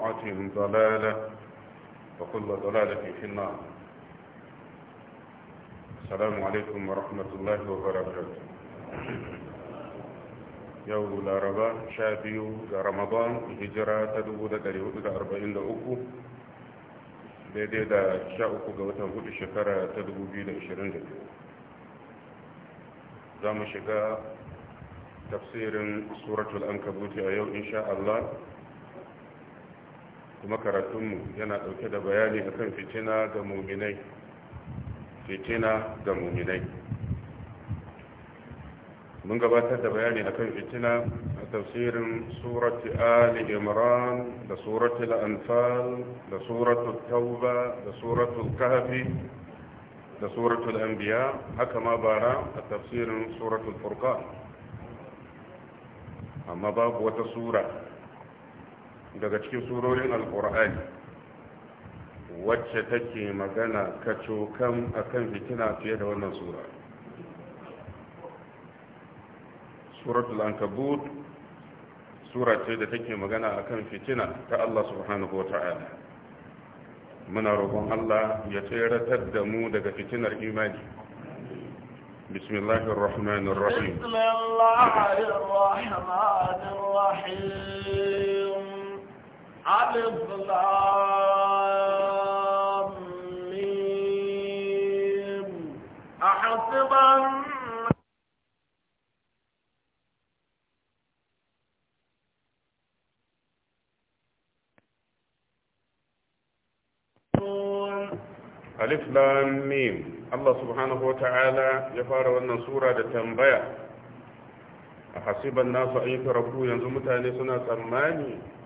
بدعتهم ضلالة وكل ضلالة في النار السلام عليكم ورحمة الله وبركاته يوم الأربعاء شادي رمضان هجرة تدود دري ودود أربعين دعوكو بيدي دا شاوكو قوتان قد شكرا تدود بيد إشرين دعوكو تفسير سورة الأنكبوت أيو إن شاء الله kuma karatunmu yana ɗauke da bayani akan fitina ga muminai fitina ga muminai mun gabatar da bayani akan fitina a tafsirin surati ali imran da surati al da suratul tauba da suratul kahfi da suratul anbiya haka ma bara a tafsirin suratul furqan amma babu wata sura daga cikin surorin alkur'ani wacce take magana kacokan akan fitina fiye da wannan sura suratul ankabut sura ce da take magana akan fitina ta Allah subhanahu wa muna roƙon Allah ya tseratar da mu daga fitinar imani بسم الله الرحمن الرحيم بسم الله الرحمن الرحيم Alif lam mim Allah subhanahu wa ta'ala ya fara wannan sura da tambaya a hasiban nasu ayyuka rabu yanzu mutane suna tsammani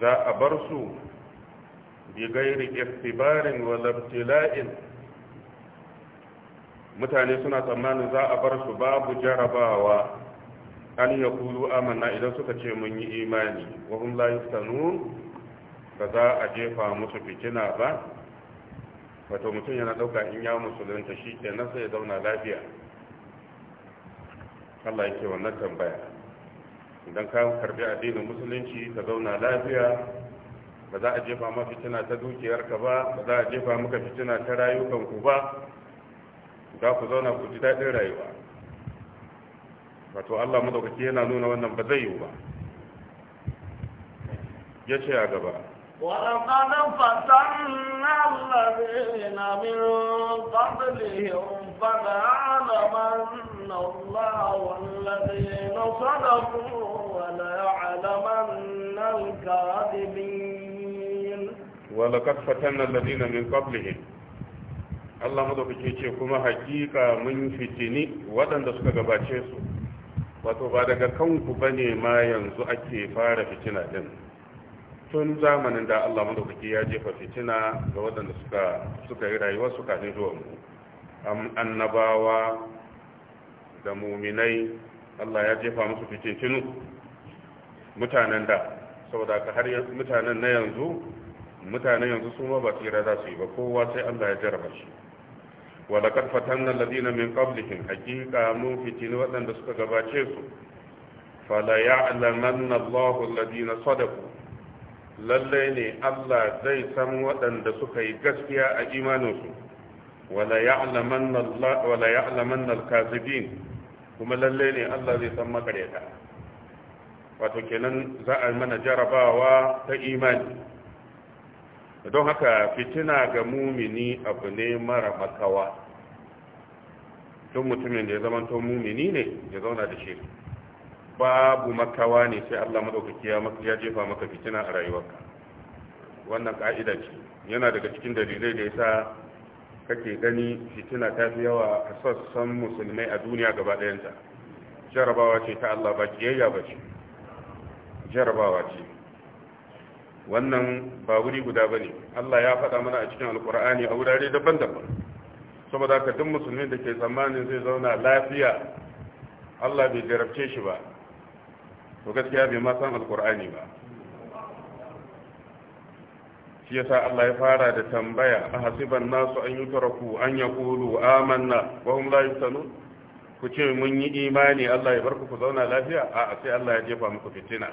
za a bar su bi gairi iftibarin walabtila'in mutane suna tsammanin za a bar su babu jarabawa an ya kulu amanna idan suka ce mun yi imani wahun layu tanun ba za a jefa musu fitina ba wato mutum yana ɗauka in ya musulunta shi ke nasa ya zauna lafiya Allah yake wannan tambaya idan ka karbi addinin musulunci ka zauna lafiya ba za a jefa maka fitina ta dukiyarka ba ba za a jefa maka fitina ta rayukanku ba za ku zauna ku ji daɗin rayuwa wato allah madaukaki yana nuna wannan ba zai yiwu ba yace a gaba ولقد فتنا الذين من قبلهم فليعلمن الله والذين صدقوا وليعلمن الكاذبين ولقد فتنا الذين من قبلهم Allah madaukake ce kuma hakika mun fitini waɗanda suka gabace su wato ba daga kanku bane ma yanzu ake fara fitina din tun zamanin da Allah madaukaki ya jefa fitina ga waɗanda suka suka yi rayuwa suka ne zuwa mu annabawa da muminai Allah ya jefa musu fitintinu mutanen da saboda ka har mutanen na yanzu mutanen yanzu su ma ba tsira za su yi ba kowa sai Allah ya jarraba shi wa laqad fatanna alladhina min qablihim haqiqa mun fitini waɗanda suka gabace su fala ya'lamanna Allahu alladhina sadaqu lallai ne Allah zai san waɗanda suka yi gaskiya a imaninsu wala ya'laman al-kazibin kuma lallai ne Allah zai san makaryata wato kenan za a mana jarabawa ta imani don haka fitina ga mumini abu ne mara makawa tun mutumin da ya zama zamanto mumini ne ya zauna da shi babu makawa ne sai Allah maɗaukaki ya jefa maka fitina a rayuwarka wannan ka'ida ce yana daga cikin dalilai da ya sa kake gani fitina ta fi yawa a sassan musulmai a duniya gaba ɗayanta jarabawa ce ta Allah ba kiyayya ba ce jarabawa ce wannan ba wuri guda ba ne Allah ya faɗa mana a cikin alkur'ani a wurare daban-daban saboda haka duk musulmin da ke tsammanin zai zauna lafiya Allah bai jarabce shi ba to gaskiya bai ma san alkur'ani ba shi yasa Allah ya fara da tambaya a hasiban nasu an yi taraku an kulu amanna wa hum la yuftanun ku ce mun yi imani Allah ya barku ku zauna lafiya a sai Allah ya jefa muku fitina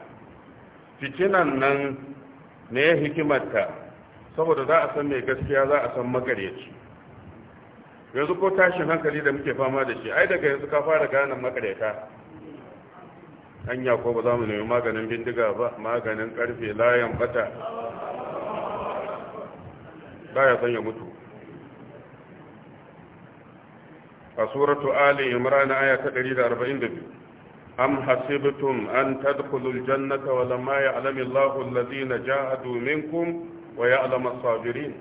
fitinan nan ne ya hikimarta saboda za a san mai gaskiya za a san makaryaci yanzu ko tashin hankali da muke fama da shi ai daga yanzu ka fara gane makaryata hanya ko ba za mu nemi maganin bindiga ba maganin karfe layan bata baya son ya mutu a suratu ali imran aya ta 142 am hasibtum an tadkhulul jannata wa lamma ya'lamu Allahu alladhina jahadu minkum wa ya'lamu as-sabirin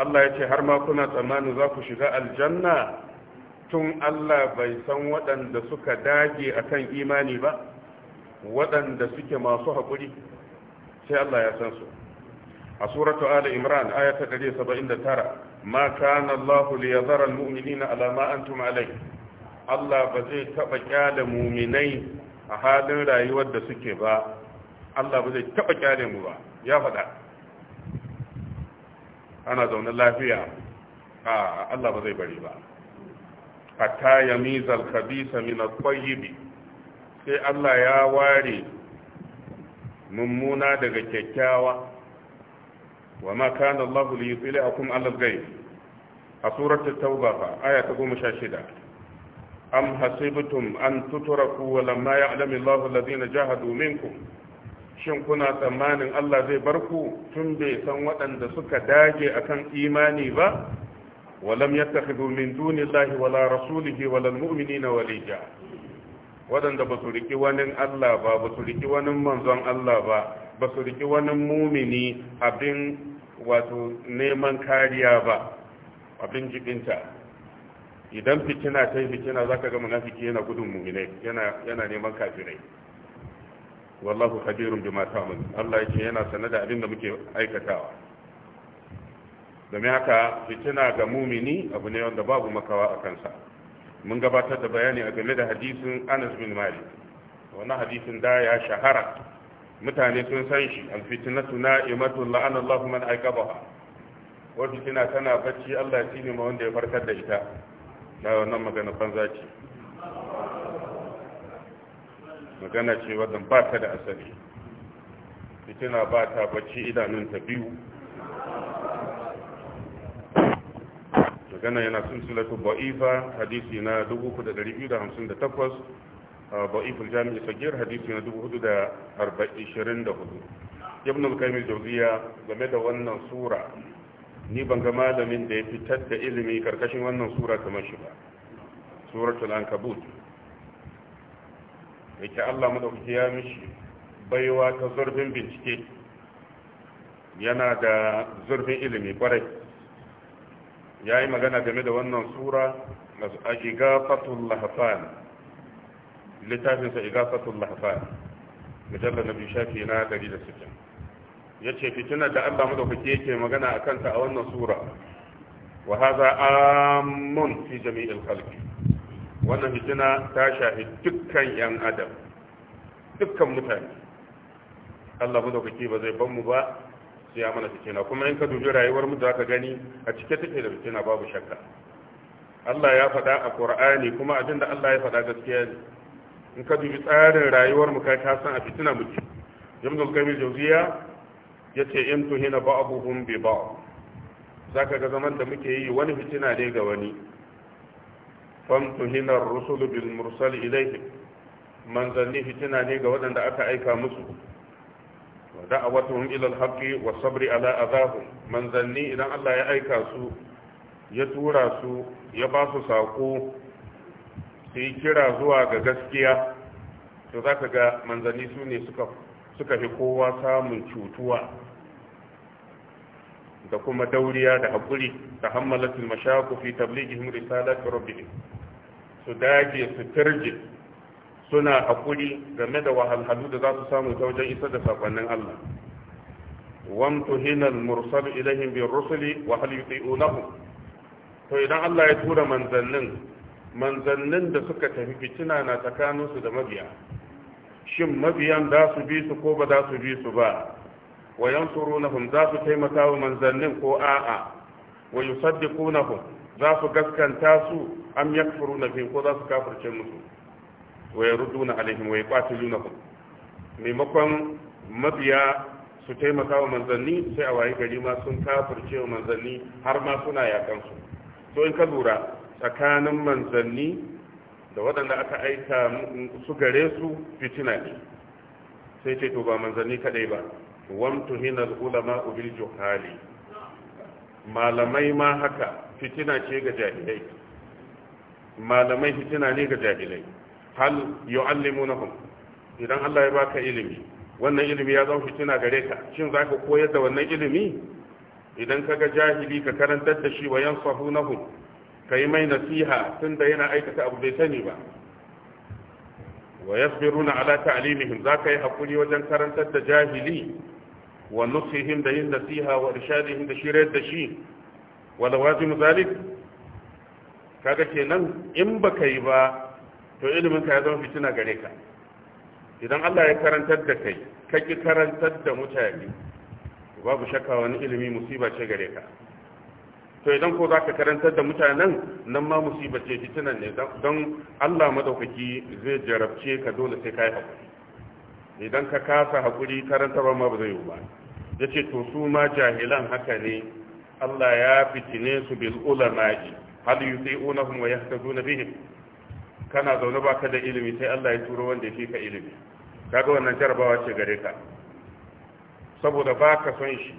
Allah yace har ma kuna tsammani za ku shiga aljanna tun Allah bai san waɗanda suka dage akan imani ba waɗanda suke masu haƙuri sai Allah ya san su a suratu ala imran aya ta 179 ma kana allah li yadhara al mu'minina ala ma antum alayh allah ba zai taba kyale mu'minai a halin rayuwar da suke ba allah ba zai taba kyale mu ba ya faɗa ana zaune lafiya a allah ba zai bari ba hatta yamiza al khabisa min al tayyib sai allah ya ware mummuna daga kyakkyawa wa ma kana Allah li yutli'akum 'ala al-ghaib a surat at-tauba fa aya ta 16 am hasibtum an tutraku shin kuna tsammanin Allah zai bar ku tun bai san waɗanda suka dage akan imani ba wa lam yattakhidhu min duni Allah wala rasulihi wala al na waliya waɗanda ba su riki wani Allah ba ba su riki wani manzon Allah ba ba su riki wani mumini abin wato neman kariya ba abin jibinta idan fitina ta yi fitina za ka ga munafiki yana gudun muminai yana neman kafirai wallahu kabirun bi mata mun Allah yake yana sanar da abin da muke aikatawa domin haka fitina ga mumini abu ne wanda babu makawa a kansa mun gabatar da bayani a game da hadisin Anas bin Malik wannan hadisin da ya shahara mutane sun san shi alfitinatu na'imatu la'ana Allahu man aqabaha wato fitina tana bacci Allah ya ne ma wanda ya farkar da ita da wannan magana banza ce magana ce wadda ba ta da asali fitina ba ta bacci idanun ta biyu magana yana sun sulatu ba'ifa hadisi na 3258 ba'iful jami'i sagir hadisi na 424 ibn al-qayyim al-jawziya game da wannan sura ni ban ga malamin da ya fitar da ilimi karkashin wannan sura kamar shi ba suratul ankabut yake Allah madaukaki ya mishi baiwa ta zurfin bincike yana da zurfin ilimi kwarai ya yi magana game da wannan sura a shiga fatul lahafani littafinsa igafatul mahfal mujallar na shafi na 160 ya ce fitinar da allah madaukaki yake magana a kanta a wannan sura wa haza amun fi jami'il khalqi wannan fitina ta shafi dukkan yan adam dukkan mutane allah madaukaki ba zai ban mu ba sai ya mana fitina kuma in ka dubi rayuwar mu da ka gani a cike take da fitina babu shakka Allah ya faɗa a ƙur'ani kuma abin da Allah ya faɗa gaskiya ne in ka dubi tsarin rayuwar mu kai ka san a fitina muke jamdul kamil jauziya ya ce in tuhina ba'abuhum bi ba'd zaka ga zaman da muke yi wani fitina ne ga wani fam tuhina ar-rusul bil mursal ilayhi manzanni fitina ne ga waɗanda aka aika musu wa da'awatuhum ila al-haqqi wa sabri ala adahum manzanni idan Allah ya aika su ya tura su ya ba su sako su yi kira zuwa ga gaskiya to za ka ga manzanni su ne suka fi kowa samun cutuwa da kuma dauriya da haƙuri da hammalatul mashaku fi tabligihim risalati rabbihim su dage su turje suna haƙuri game da wahalhalu da za su samu ta wajen isar da sakonnin Allah wamtuhina hinal mursal ilaihim bir rusuli wa hal yuti'unahu to idan Allah ya tura manzannin manzannin da suka tafi fitina na tsakaninsu da mabiya shin mabiyan za su bi su ko ba za su bi su ba wa yansurunahum za su taimaka wa manzannin ko a'a wa yusaddiqunahum za su gaskanta su am yakfuruna fi ko za su kafirce musu wa yarudduna alaihim wa yuqatilunahum maimakon mabiya su taimaka wa manzanni sai a waye gari ma sun kafirce wa manzanni har ma suna yakan su to in ka lura tsakanin manzanni da waɗanda aka aika su gare su fitina ne sai ce to ba manzanni kaɗai ba wamtu hinar ulama ubil juhali malamai ma haka fitina ce ga jahilai malamai fitina ne ga jahilai hal na idan Allah ya baka ilimi wannan ilimi ya zama fitina gare ka shin za ka koyar da wannan ilimi idan kaga jahili ka karantar da shi wa yansahunahum ka yi mai nasiha tun da yana aikata abu bai sani ba wa yasbiruna ala ta'limihim za ka yi hakuri wajen karantar da jahili wa nusihim da yin nasiha wa irshadihim da shiryar da shi wa lawazim zalik kaga kenan in baka yi ba to ilimin ka ya zama fitina gare ka idan Allah ya karantar da kai ka ki karantar da mutane babu shakka wani ilimi musiba ce gare ka to idan ko za ka karantar da mutanen nan ma musibar ce fitinan ne don allah maɗaukaki zai jarabce ka dole sai ka yi haƙuri idan ka kasa haƙuri karantarwa ma ba zai yi ba ya ce to su ma jahilan haka ne allah ya fitine su bil ji hal yuti'unahum wa yahtaduna bihim kana zaune ka da ilimi sai allah ya turo wanda ya fi ka ilimi kaga wannan jarabawa ce gare ka saboda ba ka son shi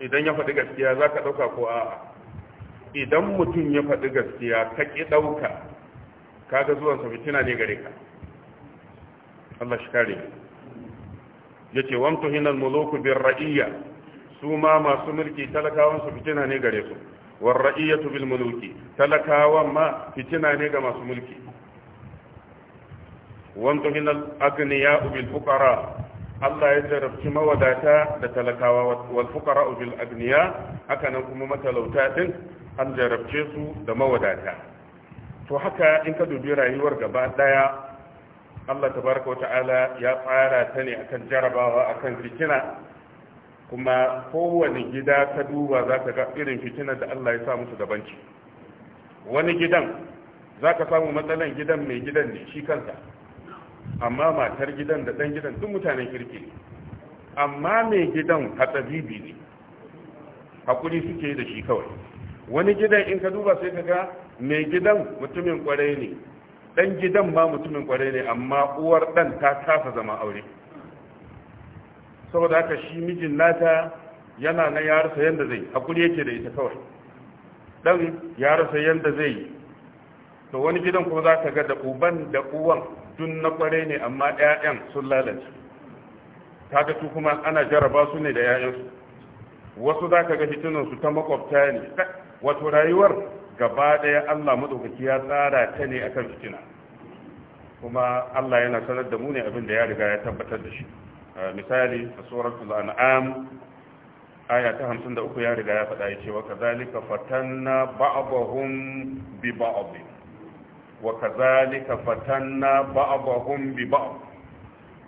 idan ya faɗi gaskiya za ka ɗauka ko a'a idan mutum ya faɗi gaskiya ta ƙi ɗauka kaga zuwansa fitina ne gare ka Allah shi kare ya ce wamtu hinal muluku bin ra'iyya su ma masu mulki talakawan su fitina ne gare su war ra'iyatu bil muluki talakawan ma fitina ne ga masu mulki wamtu hinal agniya bil fuqara Allah ya jarabci mawadata da talakawa wal fuqara bil agniya haka nan kuma matalauta din an jarabce su da mawadata to haka in ka dubi rayuwar gaba daya Allah tabaraka ta'ala ya tsara ta ne akan jarabawa akan fitina kuma kowane gida ka duba za ka ga irin fitinar da Allah ya sa musu dabanci wani gidan za ka samu matsalan gidan mai gidan ne shi kansa amma matar gidan da ɗan gidan duk mutanen kirki amma mai gidan hatsabibi ne hakuri suke da shi kawai wani gidan in ka duba sai ka ga mai gidan mutumin kwarai ne dan gidan ba mutumin kwarai ne amma uwar dan ta kasa zama aure saboda haka shi mijin nata yana na ya rasa yanda zai hakuri yake da ita kawai dan ya rasa yanda zai to wani gidan kuma za ka ga da uban da uwan dun na kwarai ne amma ƴaƴan sun lalace kaga su kuma ana jaraba su ne da ƴaƴansu wasu za ka ga fitinansu ta makwabta ne wato rayuwar gaba daya Allah madaukaki ya tsara ta ne akan fitina kuma Allah yana sanar da mu ne abin da ya riga ya tabbatar da shi misali a suratul an'am aya ta 53 ya riga ya faɗa ya ce wa kazalika fatanna ba'dahum bi ba'd wa kazalika fatanna ba'dahum bi ba'd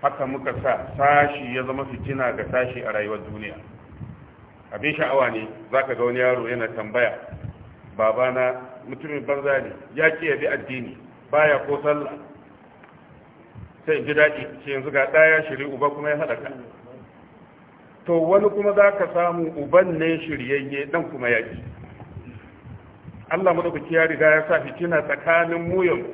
haka muka sa sashi ya zama fitina ga sashi a rayuwar duniya abin sha'awa ne za ka ga wani yaro yana tambaya babana mutumin banza ne ya ya yabi addini baya ko sallah sai ji daɗi ce yanzu ga ɗaya shiri uba kuma ya haɗa to wani kuma za ka samu uban ne shiryayye ɗan kuma ya ƙi allah maɗaukaki ya riga ya sa fitina tsakanin muyan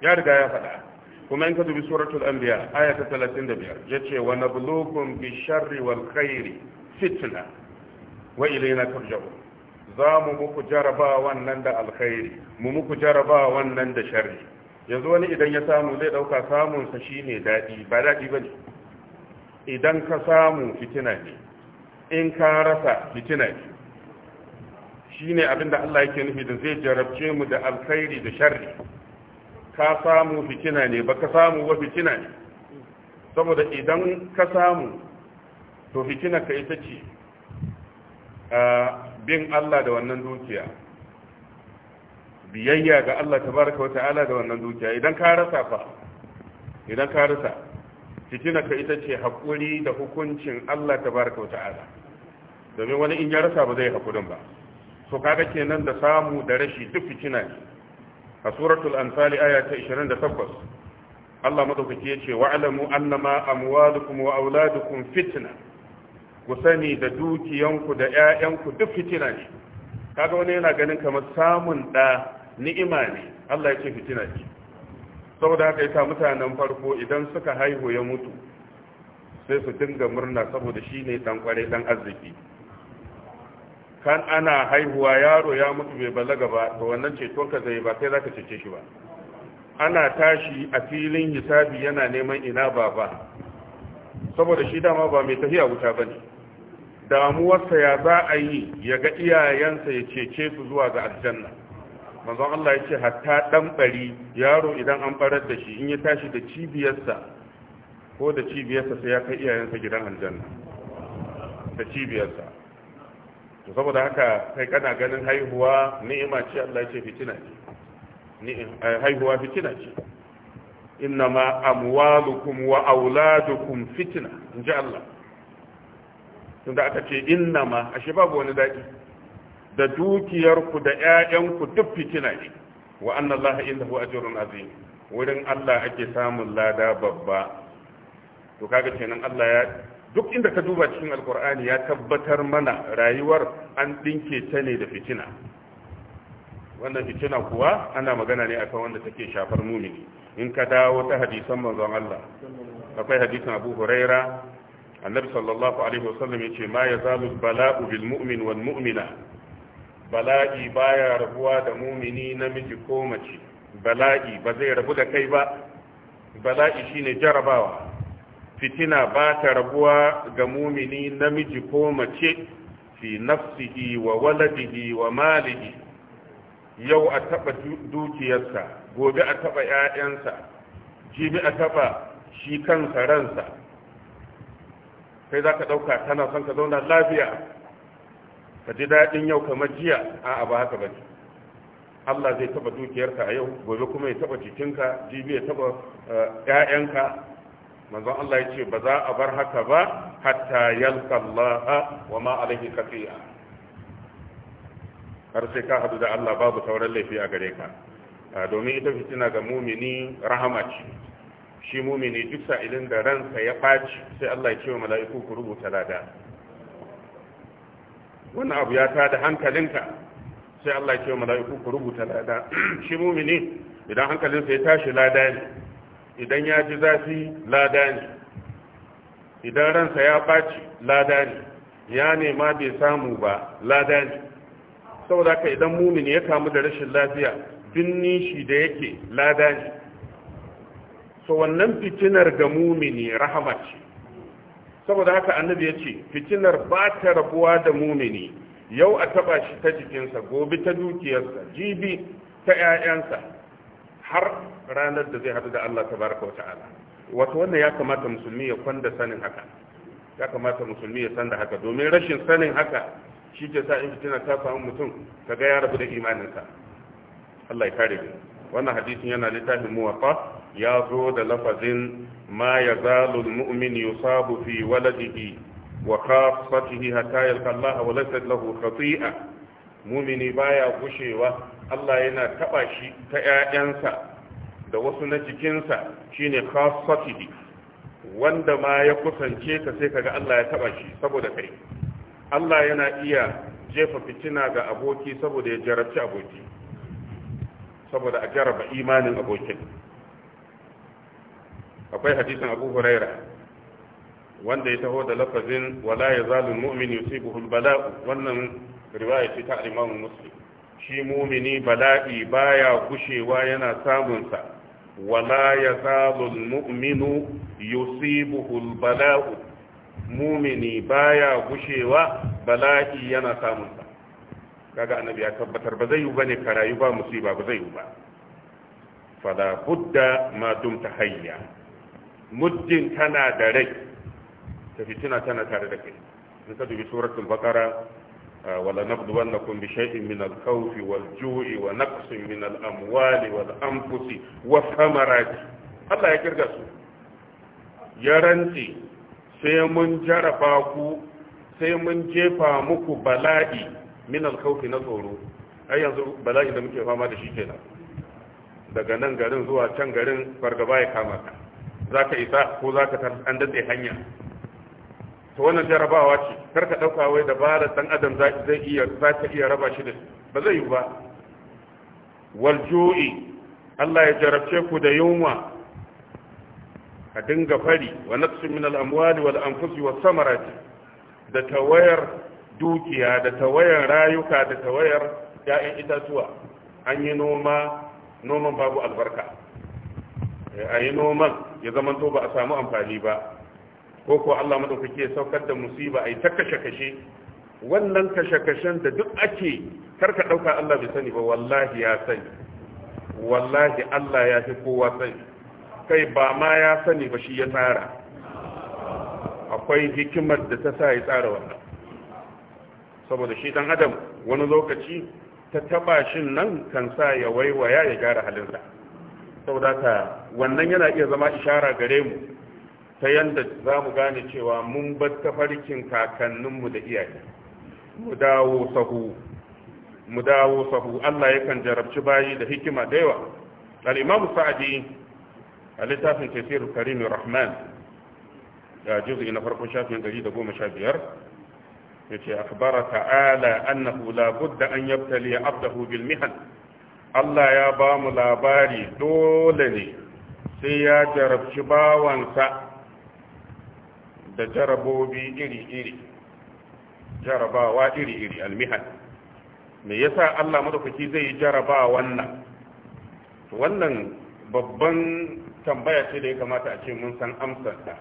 ya riga ya faɗa kuma in ka dubi suratul anbiya aya ta 35 yace wa nabluukum bi sharri wal khairi fitna wa ilayna turja'un za mu muku jaraba wannan da alkhairi mu muku jaraba wannan da sharri yanzu wani idan ya samu zai dauka samun sa shine dadi ba dadi bane idan ka samu fitina ne in ka rasa fitina ne shine abinda Allah yake nufi da zai jarabce mu da alkhairi da sharri ka samu fitina ne baka samu wa fitina ne saboda idan ka samu to fitina ka ita ce bin Allah da wannan dukiya biyayya ga Allah Ta baraka wata'ala da wannan dukiya idan ka rasa fa idan ka rasa fitina ka ita ce haƙuri da hukuncin Allah Ta baraka wata'ala domin wani in ya rasa ba zai haƙurin ba so kaga kenan da samu da rashi duk fitina ne a suratul anfali aya ta 28 Allah madaukaki yace wa'lamu annama amwalukum wa auladukum fitna ku sani da dukiyanku da 'ya'yanku duk fitina ne kaga wani yana ganin kamar samun da ni'ima ne Allah ya ce fitina ce saboda haka yasa mutanen farko idan suka haihu ya mutu sai su dinga murna saboda shine dan kware dan arziki kan ana haihuwa yaro ya mutu bai balaga ba to wannan ceton ka zai ba sai zaka cece shi ba ana tashi a filin hisabi yana neman ina baba saboda shi dama ba mai tafiya wuta bane damuwarsa ya za a yi ya ga iyayensa ya cece su zuwa ga aljanna manzon Allah ya ce hatta dan bari yaro idan an barar da shi in ya tashi da cibiyarsa ko da cibiyarsa sai ya kai iyayensa gidan aljanna da cibiyarsa to saboda haka kai kana ganin haihuwa ni'ima ce Allah ya ce fitina ce eh, haihuwa fitina ce innama amwalukum wa auladukum fitna inji Allah tunda aka ce inna ma ashe babu wani daɗi da dukiyarku da 'ya'yanku duk fitina ne wa anna Allah indahu ajrun azim wurin Allah ake samun lada babba to kaga kenan Allah ya duk inda ka duba cikin alkur'ani ya tabbatar mana rayuwar an dinke ta ne da fitina wannan fitina kuwa ana magana ne akan wanda take shafar mumini in ka dawo ta hadisan manzon Allah akwai hadisan Abu Huraira annabi sallallahu alaihi wasallam yace ma yazalu bala'u bil mu'min wal mu'mina bala'i baya rabuwa da mumini namiji ko mace bala'i ba zai rabu da kai ba bala'i shine jarabawa fitina ba ta rabuwa ga mumini namiji ko mace fi nafsihi wa waladihi wa malihi yau a taba dukiyarsa gobe a taba 'ya'yansa jibi a taba shi kansa ransa kai za ka ɗauka tana son ka zauna lafiya ka ji daɗin yau kamar jiya a ba haka ba ne Allah zai taɓa dukiyarka a yau gobe kuma ya taɓa jikinka jibi ya taɓa eh, ƴaƴanka manzon Allah ya ce ba za a bar haka ba hatta yalka Allah wa ma alaihi kafiya har sai ka haɗu da Allah babu sauran laifi a gare ka ah, domin ita fitina ga mumini rahama ce shi mumini duk sa'ilin da ransa ya ɓaci sai Allah ya ce wa mala'iku ku rubuta lada wannan abu ya tada hankalinka sai Allah ya ce wa mala'iku ku rubuta lada shi mumini idan hankalinsa ya tashi lada ne idan ya ji zafi lada ne idan ransa ya ɓaci lada ne ya nema bai samu ba lada ne saboda ka idan mumini ya kamu da rashin lafiya binni shi da yake lada ne so wannan fitinar ga mumini rahama ce saboda haka annabi ya ce fitinar ba ta rabuwa da mumini yau a taba shi ta jikinsa gobe ta dukiyarsa jibi ta 'ya'yansa har ranar da zai haɗu da Allah tabaraka wa ta'ala wato wannan ya kamata musulmi ya kwanda sanin haka ya kamata musulmi ya san da haka domin rashin sanin haka shi ke sa in fitina ta samu mutum kaga ya rabu da imaninsa Allah ya kare mu wannan hadisin yana littafin muwaffa ya zo da lafazin ma ya zalul mu'min yusabu fi waladihi wa khafatihi hatta Allah wa laysa lahu khati'a mu'mini baya gushewa Allah yana taba shi ta 'ya'yansa da wasu na jikinsa shine khafatihi wanda ma ya kusance ka sai kaga Allah ya taba shi saboda kai Allah yana iya jefa fitina ga aboki saboda ya jarabci aboki saboda a jaraba imanin abokin akwai hadisin abu huraira wanda ya taho da lafazin wala ya zalun mu'min yusibuhul bala'u wannan riwaya ce ta imamu muslim shi mumini bala'i baya gushewa yana samun sa, wala ya zalun mu'minu yusibuhul bala'u mumini baya gushewa bala'i yana samun sa. kaga annabi ya tabbatar ba zai yi bane ka rayu ba musiba ba zai yi ba fala budda ma dumta hayya muddin tana da rai ta fitina tana tare da kai in ka dubi suratul baqara ah, wala nabluwannakum bi shay'in min al-khawf wal-ju'i wa naqsin min al-amwali wal-anfusi wa thamarati Allah ya kirga su ya ranti sai mun jarafa ku sai mun jefa muku bala'i min al-khawf na tsoro ai yanzu bala'i da muke fama da shi kenan daga nan garin zuwa can garin fargaba ya kama ka za ka isa ko za ka an datse hanya Ta wannan jarabawa ce kar ka ɗauka wai dabarar ɗan adam zai iya za ka iya raba shi da ba zai yi ba wal Allah ya jarabce ku da yunwa a dinga fari wa naqsin min al wal anfusi was samarati da tawayar dukiya da tawayar rayuka da tawayar ya'yan itatuwa an yi noma noman babu albarka a yi noman ya zama to ba a samu amfani ba ko ko Allah madaukake ya saukar da musiba ai ta kashe kashe wannan kashe kashen da duk ake karka dauka Allah bai sani ba wallahi ya sani wallahi Allah ya fi kowa sani kai ba ma ya sani ba shi ya tsara akwai hikimar da ta sa ya tsara wannan saboda shi dan adam wani lokaci ta taba shin nan kan sa ya waiwaya ya gyara halinsa saudata wannan yana iya zama ishara gare mu ta yadda za mu gane cewa mun bar tafarkin kakanninmu da iyaye mu dawo sahu mu dawo sahu Allah yakan jarabci bayi da hikima da yawa al-Imam Sa'di a littafin Tafsir Karim Rahman da juz'i na farko shafin 115 yace akhbara ta'ala annahu la budda an yabtali 'abdahu bil mihan Allah ya ba mu labari dole ne sai ya jarabci bawansa da jarabobi iri-iri jarabawa iri-iri almihan me yasa Allah madaukaki zai yi jaraba wannan wannan babban tambaya ce da ya kamata a ce mun san amsarta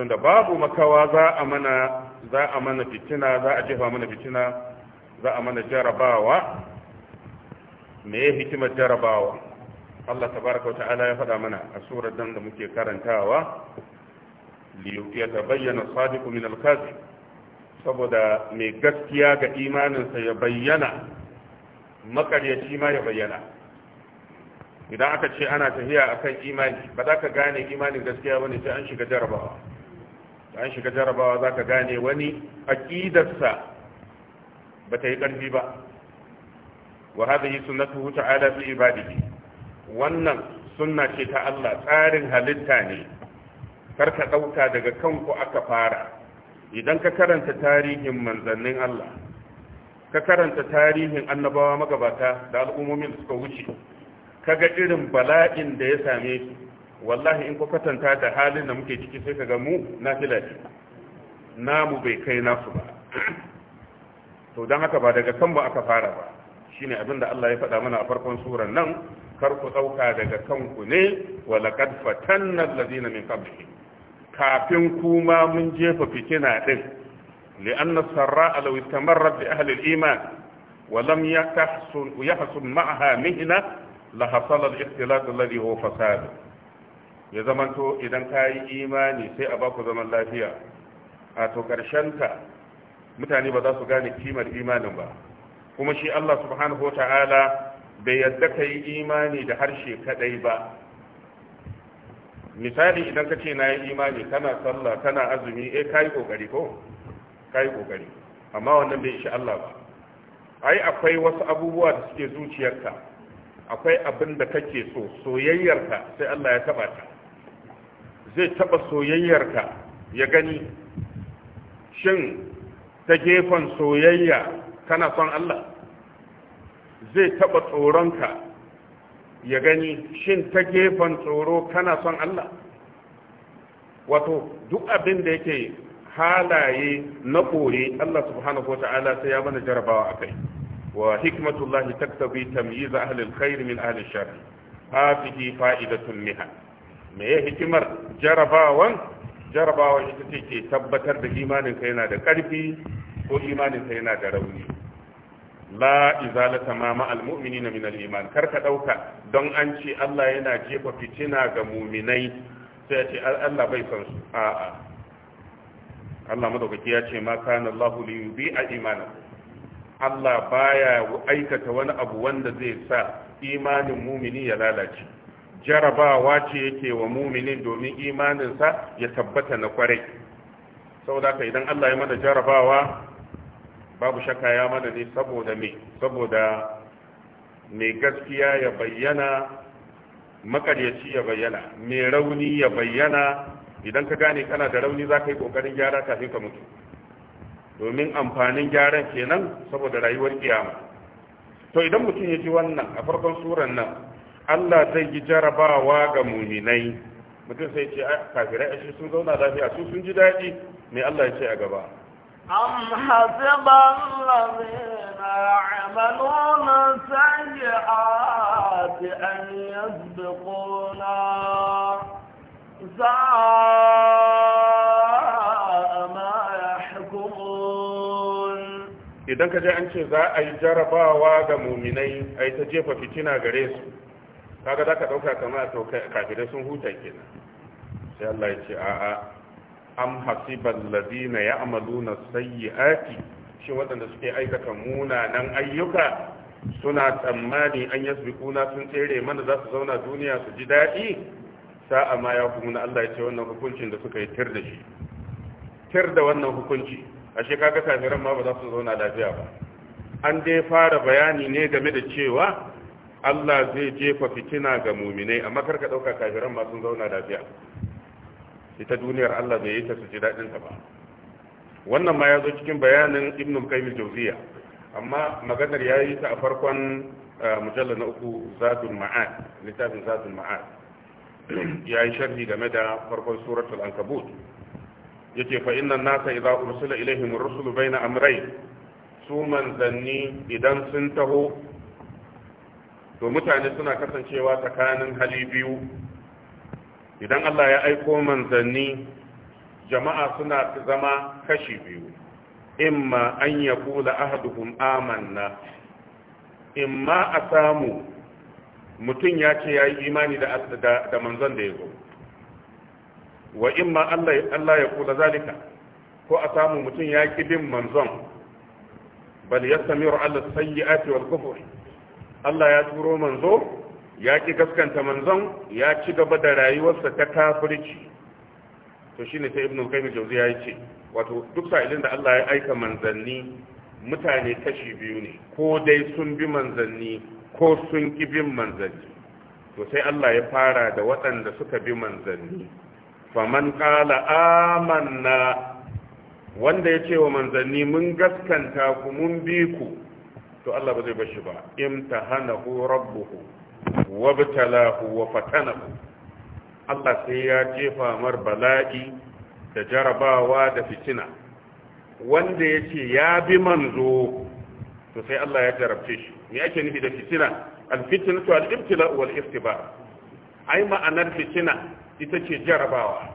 tunda babu makawa za a mana za a mana fitina za a jefa mana fitina za a mana jarabawa me hikimar jarabawa Allah tabaraka wa ta'ala ya faɗa mana a surar dan da muke karantawa ya tabayyana sadiqu min al-kadhib saboda mai gaskiya ga imaninsa ya bayyana makaryaci ma ya bayyana idan aka ce ana tafiya akan imani ba za ka gane imanin gaskiya wani sai an shiga jarabawa an shiga jarabawa za ka gane wani aƙidarsa ba ta yi ƙarfi ba wa hadhihi sunnatuhu ta'ala fi ibadihi wannan sunna ce ta Allah tsarin halitta ne karka dauka daga kanku aka fara idan ka karanta tarihin manzannin Allah ka karanta tarihin annabawa magabata da al'ummomin da suka wuce kaga irin bala'in da ya same su wallahi in ku katanta da halin da muke ciki sai kaga mu na filaci namu bai kai nasu ba to don haka ba daga kan ba aka fara ba shine abin da Allah ya faɗa mana a farkon surar nan kar ku ɗauka daga kanku ne wa laqad fatanna allazina min qablihi kafin kuma mun jefa fitina din li'anna sarra law istamarra bi ahli al-iman wa lam yahsun yahsun ma'aha la hasala al-ikhtilat alladhi huwa fasad ya zamanto idan kayi imani sai a baku zaman lafiya a to ka mutane ba za su gane kimar imanin ba kuma shi Allah subhanahu wata'ala bai yadda ka yi imani da harshe kadai ba misali idan ka ce na yi imani kana sallah kana azumi eh ka yi kokari ko ka yi kokari amma wannan bai ishi Allah ba ai akwai wasu abubuwa da suke zuciyarka akwai abin da kake so soyayyarka sai Allah ya taba ta zai taba soyayyarka ya gani shin ta gefen soyayya kana son Allah zai taba tsoronka ya gani shin ta gefen tsoro kana son Allah wato duk abin da yake halaye na kore Allah subhanahu wa ta'ala sai ya bana jarabawa akai wa hikmatullahi taktabi tamyiz ahli alkhair min ahli shar hafihi fa'idatun miha me ya hikimar jarabawan jarabawa ita ce ke tabbatar da imanin ka yana da karfi ko imanin sa yana da rauni la izalata ma ma almu'minina min kar ka dauka don an ce Allah yana jefa fitina ga mu'minai sai ce Allah bai san su a'a Allah madaukaki ya ce ma kana Allah li yubi'a Allah baya aikata wani abu wanda zai sa imanin mumini ya lalace jarabawa ce yake wa muminin domin imaninsa ya tabbata na kwarai saboda ka idan Allah ya mada jarabawa babu shakka ya mana ne saboda me saboda mai gaskiya ya bayyana makaryaci ya bayyana mai rauni ya bayyana idan ka gane kana da rauni za ka yi ƙoƙarin gyara kafin ka mutu domin amfanin gyaran kenan saboda rayuwar kiyama to idan mutum ya ji wannan a farkon suran nan Allah zai yi jarabawa ga muminai mutum sai ce kafirai ashe sun zauna lafiya su sun ji daɗi me Allah ya ce a gaba أم حسب الذين يعملون السيئات أن يسبقونا ساء idan ka je an ce za a yi jarabawa ga muminai a yi ta jefa fitina gare su kaga za ka ɗauka kamar to kafirai sun huta kenan sai Allah ya ce a'a am hasiban ladina ya'maluna sayyi'ati shi waɗanda suke aikata munanan ayyuka suna tsammani an yasbiquna sun tsere mana za su zauna duniya su ji daɗi sa'a ma ya kuma Allah ya ce wannan hukuncin da suka yi tir da shi tir da wannan hukunci ashe ga kafiran ma ba za su zauna lafiya ba an dai fara bayani ne game da cewa Allah zai jefa fitina ga muminai amma karka ɗauka kafiran ma sun zauna lafiya ita duniyar Allah bai yi ta su ji daɗin ta ba wannan ma ya zo cikin bayanin ibn qayyim jawziya amma maganar ya yi ta a farkon eh, mujalla na uku zadul ma'ad littafin zadul ma'ad ya yi sharhi game da farkon suratul ankabut yace fa inna nasa idza ursila ilaihim ar-rusulu baina amrayn su manzanni idan sun taho to mutane suna kasancewa tsakanin hali biyu idan Allah ya aiko manzanni jama'a suna zama kashi biyu imma an ya kula ahaduhum amanna imma a samu mutum ya ce ya yi imani da manzon da ya zo wa imma Allah ya kula zalika ko a samu mutum ya ki bin manzon bal yastamiru ala sayyi'ati wal kufri Allah ya turo manzo ya ki gaskanta manzon ya ci gaba da rayuwarsa ta kafirci to shine sai ibnu qayyim jawzi ya ce wato duk sa'ilin da Allah ya aika manzanni mutane kashi biyu ne ko dai sun bi manzanni ko sun ki bin manzanni to sai Allah ya fara da waɗanda suka bi manzanni faman qala amanna wanda ya ce wa manzanni mun gaskanta ku mun bi ku to Allah ba zai bashi ba imtahanahu rabbuhu wabtalahu wa fatanahu Allah sai ya jefa mar bala'i da jarabawa da fitina wanda yace ya bi manzo to sai Allah ya jarabce shi me ake nufi da fitina al-fitnatu al-ibtila wal ikhtibar ai ma'anar fitina ita ce jarabawa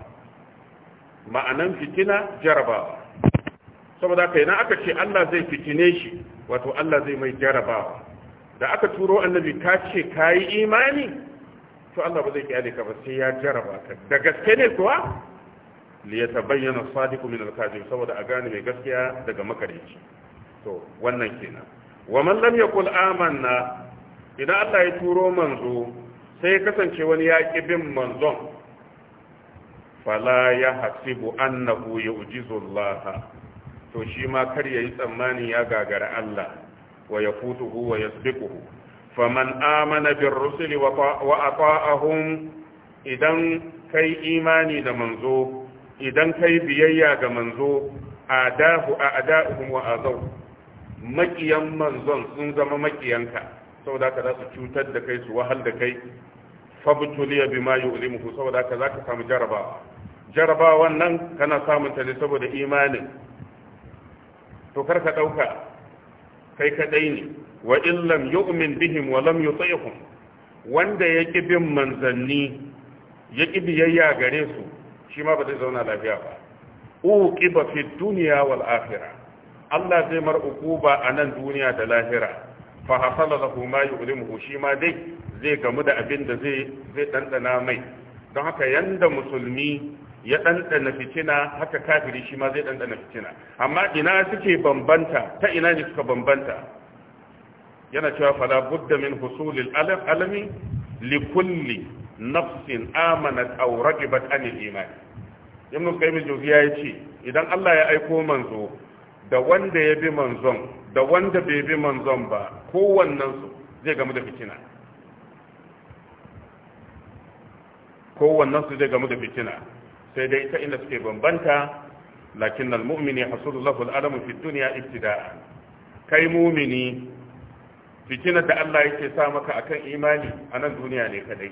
ma'anan fitina jarabawa saboda kai na aka ce Allah zai fitine shi wato Allah zai mai jarabawa da aka turo annabi ka ce ka yi imani to Allah ba zai kyale ka ba sai ya jaraba ka da gaske ne kuwa li yatabayyana sadiqu min al-kadhib saboda a gane mai gaskiya daga makarici to wannan kenan wa man lam yaqul amanna idan Allah ya turo manzo sai ya kasance wani ya bin manzon fala ya hasibu annahu yu'jizu Allah to shi ma kar yayi tsammani ya gagara Allah ويفوته ويسبقه فمن آمن بالرسل وأطاءهم إذن كي إيماني دمنزو إذن كي بيايا دمنزو آداه أعداؤهم وآذوه makiyan manzon sun zama makiyanka saboda ka za su cutar da kai su wahal da kai fabtuliya bima yu'limuhu saboda ka samu jarabawa jarabawan nan kana samun ta ne saboda imanin to karka dauka kai kadai ne wa illam yu'min bihim wa lam yuti'hum wanda yake bin manzanni yake biyayya gare su shi ma ba zai zauna lafiya ba uqiba fi dunya wal akhirah Allah zai mar uquba a nan duniya da lahira fa hasala lahu ma yu'limuhu shi ma dai zai gamu da abin da zai zai dandana mai don haka yanda musulmi ya ɗanɗana fitina haka kafiri shi ma zai ɗanɗana fitina amma ina suke bambanta ta ina ne suka bambanta yana cewa fala budda min husulil alami likulli nafsin amanat aw raqibat anil iman ibn qayyim jawziya yace idan Allah ya aiko manzo da wanda ya bi manzon da wanda bai bi manzon ba kowannen su zai gamu da fitina kowannen su zai gamu da fitina sai dai ta inda suke bambanta lakin nan almu'mini hasulu lahu al'alamu fi dunya ibtida'a kai mu'mini fitinar da Allah yake sa maka akan imani a nan duniya ne kadai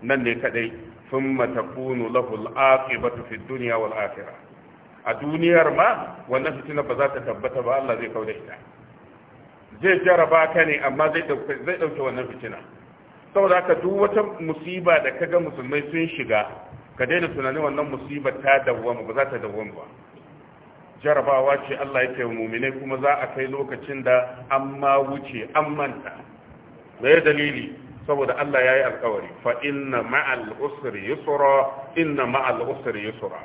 nan ne kadai thumma takunu lahu al'aqibatu fi dunya wal akhirah a duniyar ma wannan fitinar ba za ta tabbata ba Allah zai kauda ita zai jaraba ka ne amma zai dauke wannan fitina saboda haka duk wata musiba da kaga musulmai sun shiga ka daina tunanin wannan musibar ta dawwama ba za ta dawwama ba jarabawa ce Allah yake wa muminai kuma za a kai lokacin da an ma wuce an manta me dalili saboda Allah ya yi alkawari fa inna ma'al usri yusra inna ma'al usri yusra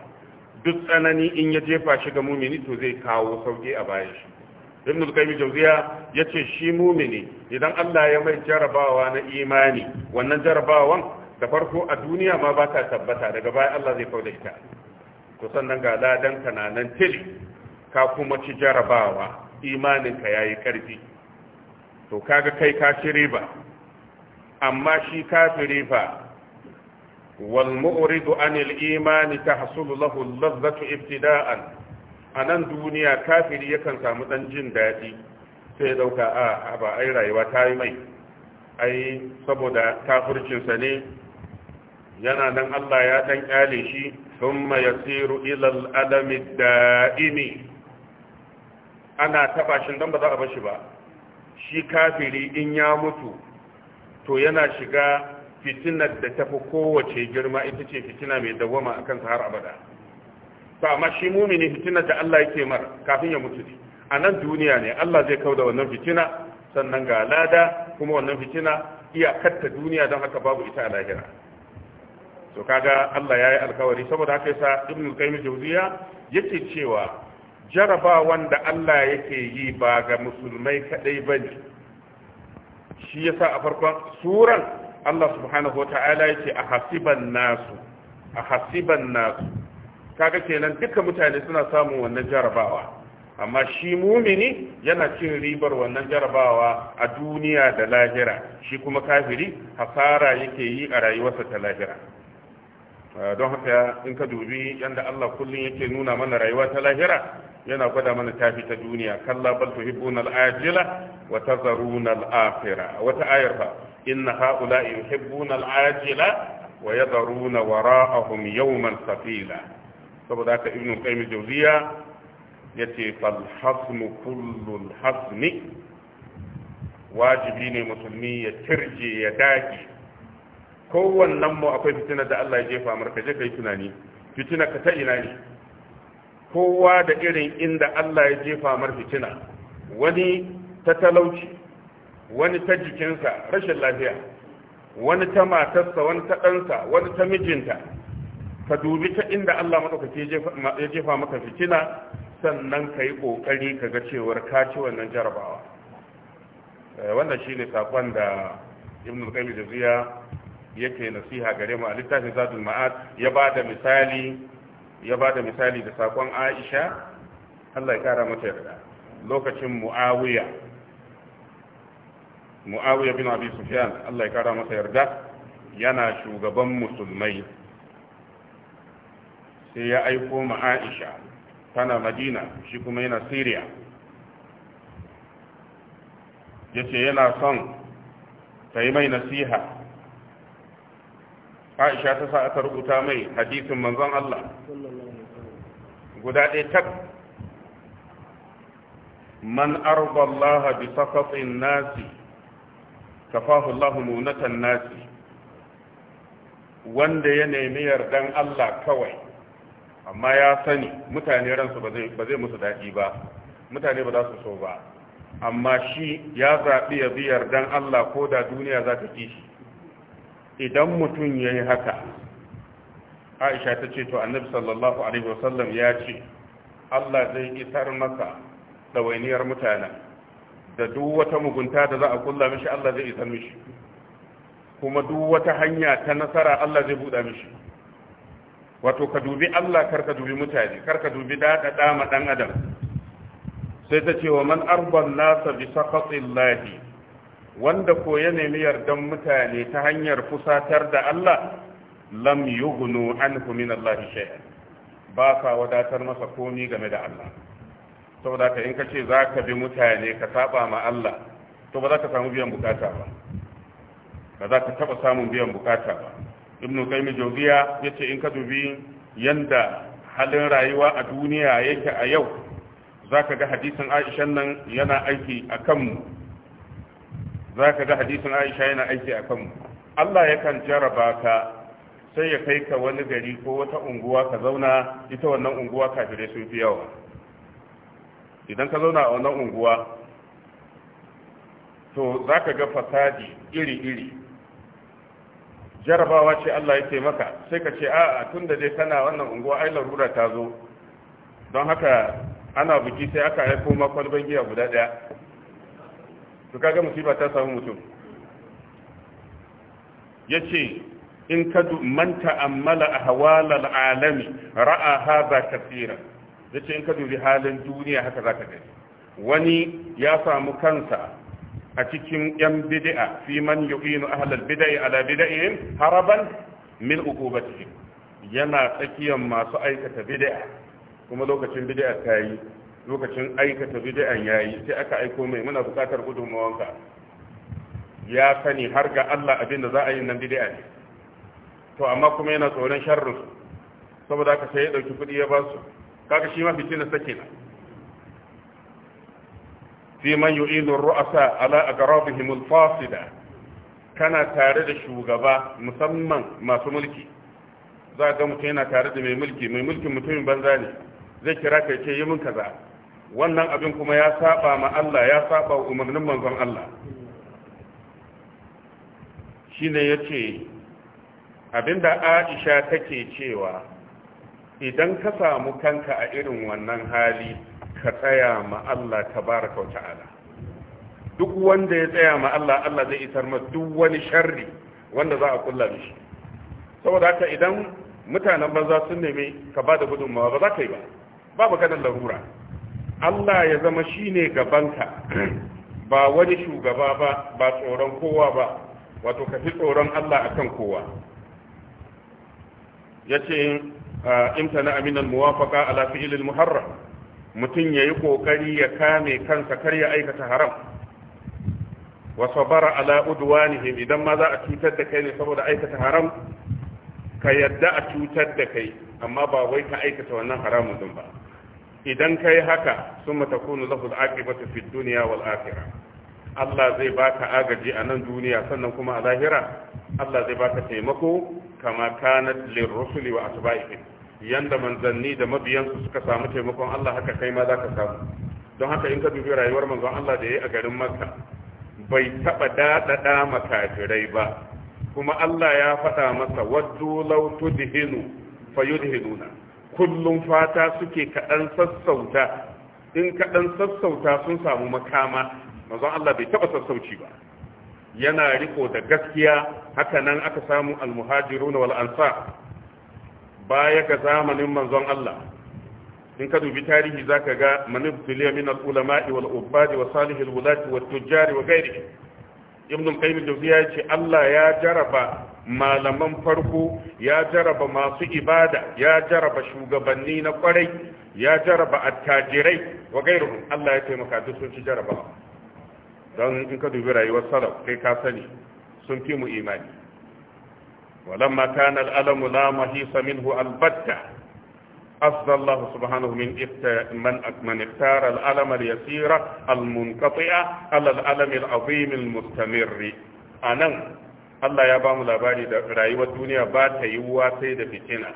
duk tsanani in ya jefa shi ga mumini to zai kawo sauki a bayan shi ibn al-qayyim jawziya yace shi mumini idan Allah ya mai jarabawa na imani wannan jarabawan da farko a duniya ma ba ta tabbata daga baya Allah zai kauda ita to sannan ga ladan ka na nan tili ka kuma ci jarabawa imaninka ka yayi karfi to kaga kai ka ci riba amma shi kafiri fa wal mu'ridu anil imani tahsulu lahu al-ladzatu ibtida'an a nan duniya kafiri yakan samu dan jin daɗi sai ɗauka a ah, ba ai rayuwa ta yi mai ai saboda kafircinsa ne yana nan Allah ya dan kyale shi thumma yasiru ila al-adami daimi ana taba shi dan ba za a bar shi ba shi kafiri in ya mutu to yana shiga fitinar da tafi kowace girma ita ce fitina mai dawama akan har abada to amma shi mumini fitinar da Allah yake mar kafin ya mutu a nan duniya ne Allah zai kauda wannan fitina sannan ga lada kuma wannan fitina iyakar ta duniya don haka babu ita a lahira to kaga Allah ya yi alkawari saboda haka yasa ibn qayyim jawziya yake cewa jaraba wanda Allah yake yi ba ga musulmai kadai bane shi yasa a farkon suran Allah subhanahu wata'ala yake a hasiban nasu a hasiban nasu kaga kenan duka mutane suna samun wannan jarabawa amma shi mumini yana cin ribar wannan jarabawa a duniya da lahira shi kuma kafiri hasara yake yi a rayuwarsa ta lahira Eh, don haka in ka dubi yadda Allah kullum yake nuna mana rayuwa ta lahira yana gwada mana tafi ta duniya kalla bal tuhibbuna al-ajila wa tazaruna al-akhira wata ayar fa inna haula yuhibbuna al-ajila wa yadharuna wara'ahum yawman thaqila saboda haka ibnu qayyim jawziya yace fal hasmu kullu al-hasmi wajibi ne musulmi ya tirje ya dage kowannen mu akwai fitina da Allah ya jefa mar ka je kai tunani fitina ka ta ina ne kowa da irin inda Allah ya jefa mar fitina wani ta talauci wani ta jikinsa rashin lafiya wani ta matarsa wani ta ɗansa wani ta mijinta ka dubi ta inda Allah maɗaukaki ya jefa maka fitina sannan ka yi ƙoƙari ka ga cewar ka ci wannan jarabawa eh, wannan shine sakon da ibn al-qayyim yake nasiha gare mu a littafin zadul ma'ad ya bada misali ya bada misali da sakon Aisha Allah ya kara mata yarda lokacin Muawiya Muawiya bin Abi Sufyan Allah ya kara mata yarda yana shugaban musulmai sai ya aiko ma Aisha tana Madina shi kuma yana Syria yace yana son ta yi mai nasiha aisha ta sa aka rubuta mai hadisin manzon Allah guda ɗaya tak man arba Allah bi sakatin nasi kafahu Allah munatan nasi wanda ya nemi yardan Allah kawai amma ya sani mutane ransu ba zai musu daɗi ba mutane ba za su so ba amma shi ya zaɓi ya bi yardan Allah ko da duniya za ta kishi. idan mutum ya yi haka aisha ta ce to annabi sallallahu alaihi wasallam ya ce allah zai isar maka ɗawainiyar mutanen da duk wata mugunta da za a kulla mishi allah zai isar mishi kuma duk wata hanya ta nasara allah zai buɗa mishi wato ka dubi allah kar ka dubi mutane kar ka dubi daɗaɗa dama ɗan adam sai ta ce wa man arban nasa bi sakatillahi wanda ko ya nemi yardan mutane ta hanyar fusatar da Allah lam yughnu anhu min Allah shay'a ba ka wadatar masa komi game da Allah saboda ka in ka ce za bi mutane ka saba ma Allah to ba za ka samu biyan bukata ba ba za ka taba samun biyan bukata ba ibnu qayyim jawziya yace in ka dubi yanda halin rayuwa a duniya yake a yau zaka ga hadisin aisha nan yana aiki a kanmu za ka ga hadisin aisha yana aiki a kanmu allah yakan jaraba ka sai ya kai ka wani gari ko wata unguwa ka zauna ita wannan unguwa kafirai sun fi yawa idan ka zauna a wannan unguwa to za ka ga fasadi iri-iri jarabawa ce allah ce maka sai ka ce a tun da dai kana wannan unguwa ai larura ta zo don haka ana buki sai aka haifo makwalban giya guda ɗaya. to kaga musiba ta samu mutum yace in kadu man ta'ammala ahwal al'alami ra'a hadha kaseeran yace in kadu bi halin duniya haka zaka gani wani ya samu kansa a cikin yan bid'a fi man yu'inu ahlal bid'i ala bid'ihim haraban min uqubatihim yana tsakiyar masu aikata bid'a kuma lokacin bid'a ta yi lokacin aikata bid'an yayi sai aka aiko mai muna bukatar gudunmawanka ya sani har ga Allah abin da za a yi nan bid'a ne to amma kuma yana tsoron sharrin saboda ka sai ya dauki kudi ya ba su kaga shi ma fitina sake na fi man yu'idu ruasa ala aqrabihim al-fasida kana tare da shugaba musamman masu mulki za ga mutum yana tare da mai mulki mai mulkin mutumin banza ne zai kira ka ce yi min kaza wannan abin kuma ya saba ma Allah ya saba umarnin manzon Allah shine yace abinda Aisha take cewa idan ka samu kanka a irin wannan hali ka tsaya ma Allah tabaraka wa ta'ala duk wanda ya tsaya ma Allah Allah zai isar ma duk wani sharri wanda za a kulla mishi saboda haka idan mutanen banza sun neme ka bada da gudunmawa ba za ka yi ba babu kanan larura Allah ya zama shine gabanka ba wani shugaba ba ba tsoron kowa ba wato ka fi tsoron Allah akan kowa yace ah, imtana aminan muwafaka a fi'lil muharram mutum yayi ƙoƙari ya kame kansa kar ya aikata haram Wasu bara ala ne idan ma za a cutar da kai ne saboda aikata haram ka yadda a cutar da kai amma ba wai ka aikata wannan haramun din ba idan kai haka sun mata kunu al-aqibatu fi dunya wal akhirah Allah zai baka agaji a nan duniya sannan kuma a lahira Allah zai baka taimako kama kanat rusuli wa atba'ihim yanda manzanni da mabiyansu suka samu taimakon Allah haka kai ma zaka samu don haka in ka dubi rayuwar manzon Allah da yayi a garin Makka bai taba da makafirai ba kuma Allah ya faɗa masa waddu law tudhinu fayudhinuna kullum fata suke kaɗan sassauta in kaɗan sassauta sun samu makama mazan Allah bai taɓa sassauci ba yana riko da gaskiya haka nan aka samu almuhajiru na wal'ansa baya ga zamanin manzon Allah in ka dubi tarihi za ka ga manubtuliya min al'ulama'i wal'ubbadi wa salihul wulati wa tujjari wa gairi ibn al jawziya ya ce Allah ya jaraba malaman farko ya jaraba masu ibada ya jaraba shugabanni na kwarai ya jaraba attajirai wa gairuhum Allah ya taimaka duk sun ci jaraba don in ka dubi rayuwar salaf kai ka sani sun fi mu imani Walan kana al'alamu la mahisa minhu albatta أفضى الله سبحانه من إفت... من من اختار الألم اليسير المنقطع على الألم العظيم a nan. Allah ya ba mu labari da rayuwar duniya ba ta yiwuwa sai da fitina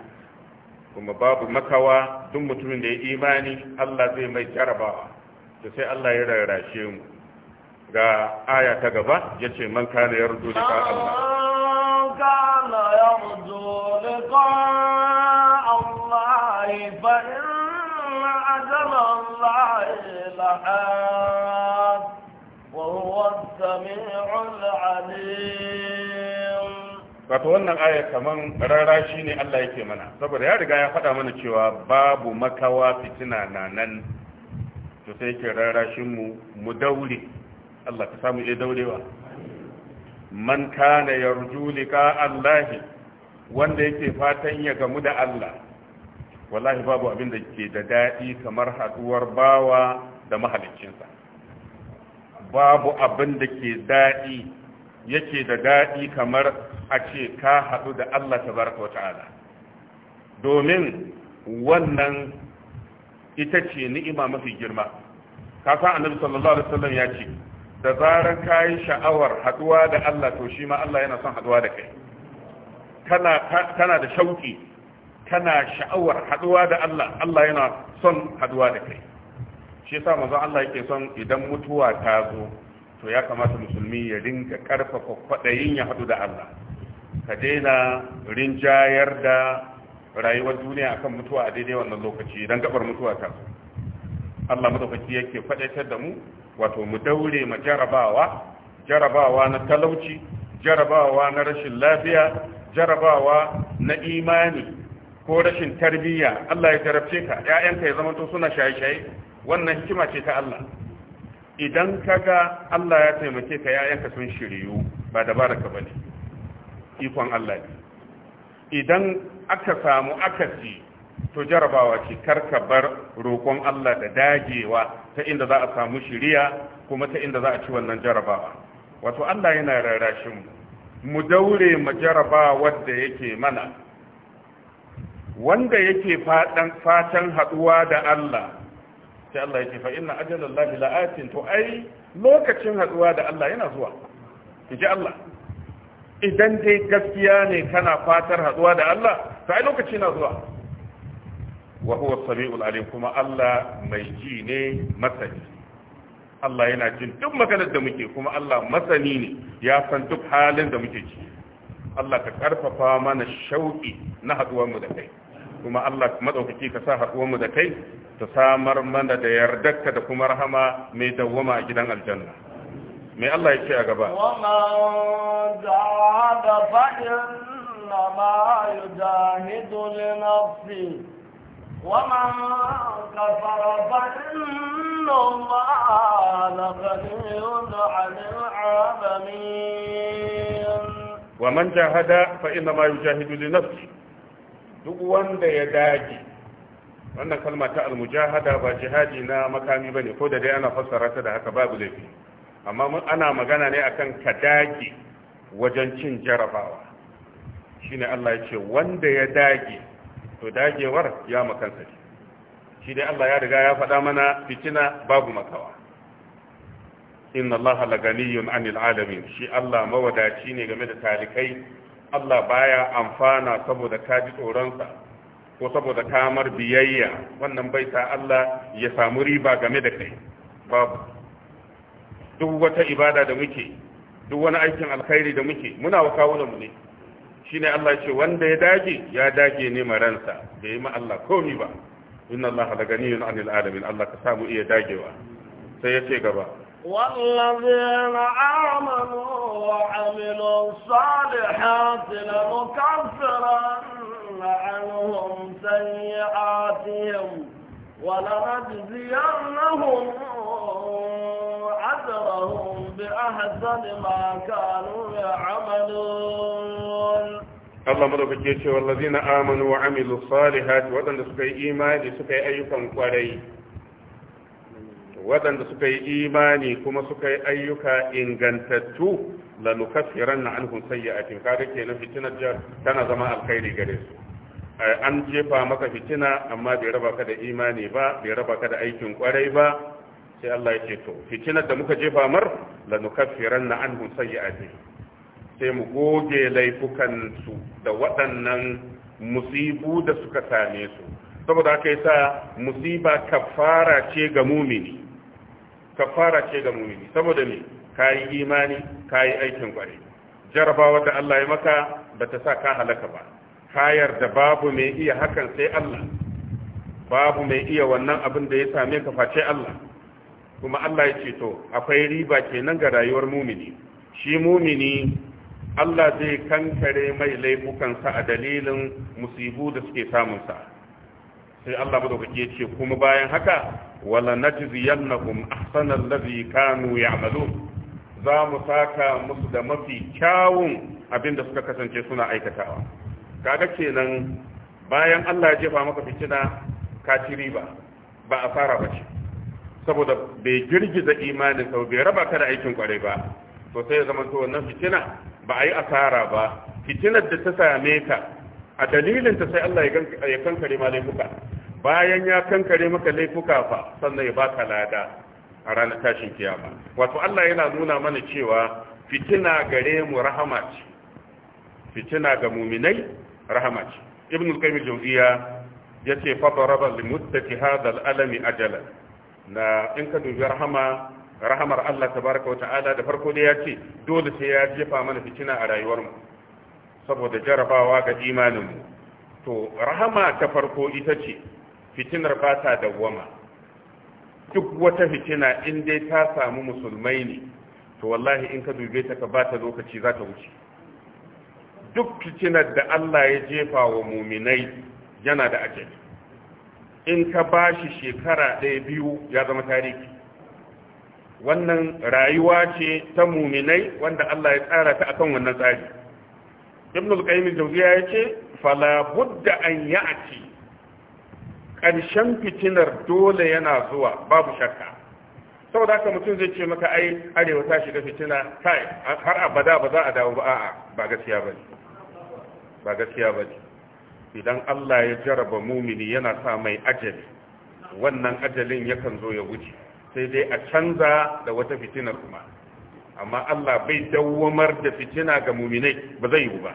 kuma babu makawa duk mutumin da ya imani Allah zai mai jarabawa to sai Allah ya rarrashe mu ga aya ta gaba yace man kana yarju liqa Allah kana yarju liqa Allah fa inna ajala Allah la وهو السميع العليم wato wannan aya kaman rarashi ne Allah yake mana saboda ya riga ya faɗa mana cewa babu makawa fitina na nan to sai yake rara mu mu daure Allah ka samu iya daurewa man kana yarju Allah wanda yake fatan ya gamu da Allah wallahi babu abin da ke da daɗi kamar haduwar bawa da mahaliccinsa babu abin da ke daɗi yake da daɗi kamar a ce ka haɗu da Allah tabaraka wata'ala domin wannan ita ce ni'ima mafi girma ka annabi sallallahu alaihi wasallam ya ce da zarar ka sha'awar haɗuwa da Allah to shi ma Allah yana son haɗuwa da kai kana da shauki kana sha'awar haɗuwa da Allah Allah yana son haɗuwa da kai shi yasa manzon Allah yake son idan mutuwa ta zo to ya kamata musulmi ya dinga karfafa kwadayin ya hadu da Allah ka daina rinjayar da rayuwar duniya akan mutuwa a daidai wannan lokaci idan gabar mutuwa ta zo Allah madaukaki yake fadaitar da mu wato mu daure ma jarabawa jarabawa na talauci jarabawa na rashin lafiya jarabawa na imani ko rashin tarbiyya Allah ya jarabce ka ƴaƴanka ya zama to suna shaye-shaye wannan hikima ce ta Allah idan ka ga Allah ya taimake ka yayanka sun shiryu ba dabaraka bane ikon Allah ne idan aka samu akasi to jarabawa ce karka bar roƙon Allah da dagewa ta inda za a samu shiriya kuma ta inda za a ci wannan jarabawa wato Allah yana rarrashi mu mu daure mu jarabawar da yake mana wanda yake fatan haɗuwa da Allah sai Allah ya ce fa inna ajalallahi la'atin to ai lokacin haɗuwa da Allah yana zuwa inji Allah idan dai gaskiya ne kana fatar haɗuwa da Allah to ai lokaci na zuwa wa huwa samiul alim kuma Allah mai ji ne masani Allah yana jin duk maganar da muke kuma Allah masani ne ya san duk halin da muke ciki Allah ka ƙarfafa mana shauƙi na haduwar mu da kai kuma Allah madaukaki ka sa haɗuwar mu da kai ta samar mana da yardarka da kuma rahama mai dawwama a gidan aljanna mai Allah ya ce a gaba ومن كفر فإن الله لغني عن العالمين ومن جاهد فإنما يجاهد لنفسه duk wanda ya dage wannan kalma ta almujahada ba jihadi na makami bane ko da dai ana fassara ta da haka babu laifi amma ana magana ne akan ka dage wajen cin jarabawa shine Allah ya ce wanda ya dage to dagewar ya makansa ne shi dai Allah ya riga ya faɗa mana fitina babu makawa inna Allah la anil alamin shi Allah mawadaci ne game da talikai Allah baya amfana saboda ka ji tsoronsa ko saboda kamar biyayya wannan bai sa Allah ya samu riba game da kai babu duk wata ibada da muke duk wani aikin alkhairi da muke muna wa kawo da mu ne shine Allah ce wanda ya dage ya dage ne maransa bai yi ma Allah komi ba inna Allah la ganiyun anil alamin Allah ka samu iya dagewa sai ya ce gaba والذين آمنوا وعملوا الصالحات لنكفرن عنهم سيئاتهم ولنجزينهم أجرهم بأحسن ما كانوا يعملون الله مدوك جيش والذين آمنوا وعملوا الصالحات ودن سكي إيمان سكي أيكم قريب waɗanda suka yi imani kuma suka yi ayyuka ingantattu la nukaffiran na anhum sayyi'atin kaga kenan fitina tana zama alkhairi gare su eh, an jefa maka fitina amma bai raba ka da imani ba bai raba ka da aikin kwarai ba sai Allah ya to fitinar da muka jefa mar la nukaffiran na anhum sayyi'atin sai mu goge laifukan su da waɗannan musibu da suka same su saboda aka yi sa musiba kafara ce ga mumini kafara ce ga mumini saboda me kayi imani kayi aikin kwarai jarabawa da Allah ya maka ba ta sa ka halaka ba kayar da babu mai iya hakan sai Allah babu mai iya wannan abin da ya same ka face Allah kuma Allah ya ce to akwai riba kenan ga rayuwar mumini shi mumini Allah zai kankare mai laifukansa a dalilin musibu da suke samunsa sai Allah madaukaki ya ce kuma bayan haka wala najziyannahum ahsana allazi kanu ya'malun za mu saka musu da mafi kyawun abin da suka kasance suna aikatawa kaga kenan bayan Allah ya jefa maka fitina ka ci riba ba asara ba ce saboda bai girgiza imanin sau bai raba ka da aikin kwarai ba to sai ya zama to wannan fitina ba a yi asara ba fitinar da ta same ka a dalilin ta sai Allah ya kankare ma laifuka bayan ya kankare maka laifuka fa sannan ya baka lada a ranar tashin kiyama wato Allah yana nuna mana cewa fitina gare mu rahama ce fitina ga muminai rahama ce ibn al-qayyim jawziya yace fa daraba li muttaqi hadha al-alami ajala na in ka dubi rahama rahamar Allah tabaraka wa ta'ala da farko da yace dole sai ya jefa mana fitina a rayuwar mu saboda jarabawa ga imaninmu to rahama ta farko ita ce fitinar ba ta dawwama duk wata fitina in dai ta samu musulmai ne to wallahi in ka dube ta ka ba ta lokaci za ta wuce duk fitinar da Allah ya jefa wa muminai yana da ajali in ka ba shi shekara ɗaya biyu ya zama tarihi wannan rayuwa ce ta muminai wanda Allah ya tsara ta akan wannan tsari ibn al-qayyim al-jawziya yace fala budda an ya'ti karshen fitinar dole yana zuwa babu shakka saboda haka mutum zai ce maka ai arewa ta shiga fitina kai har abada ba za a dawo ba a'a ba gaskiya ne ba gaskiya ne idan Allah ya jaraba mumini yana sa mai ajali wannan ajalin yakan zo ya wuce sai dai a canza da wata fitinar kuma amma Allah bai dawwamar da fitina ga muminai ba zai yi ba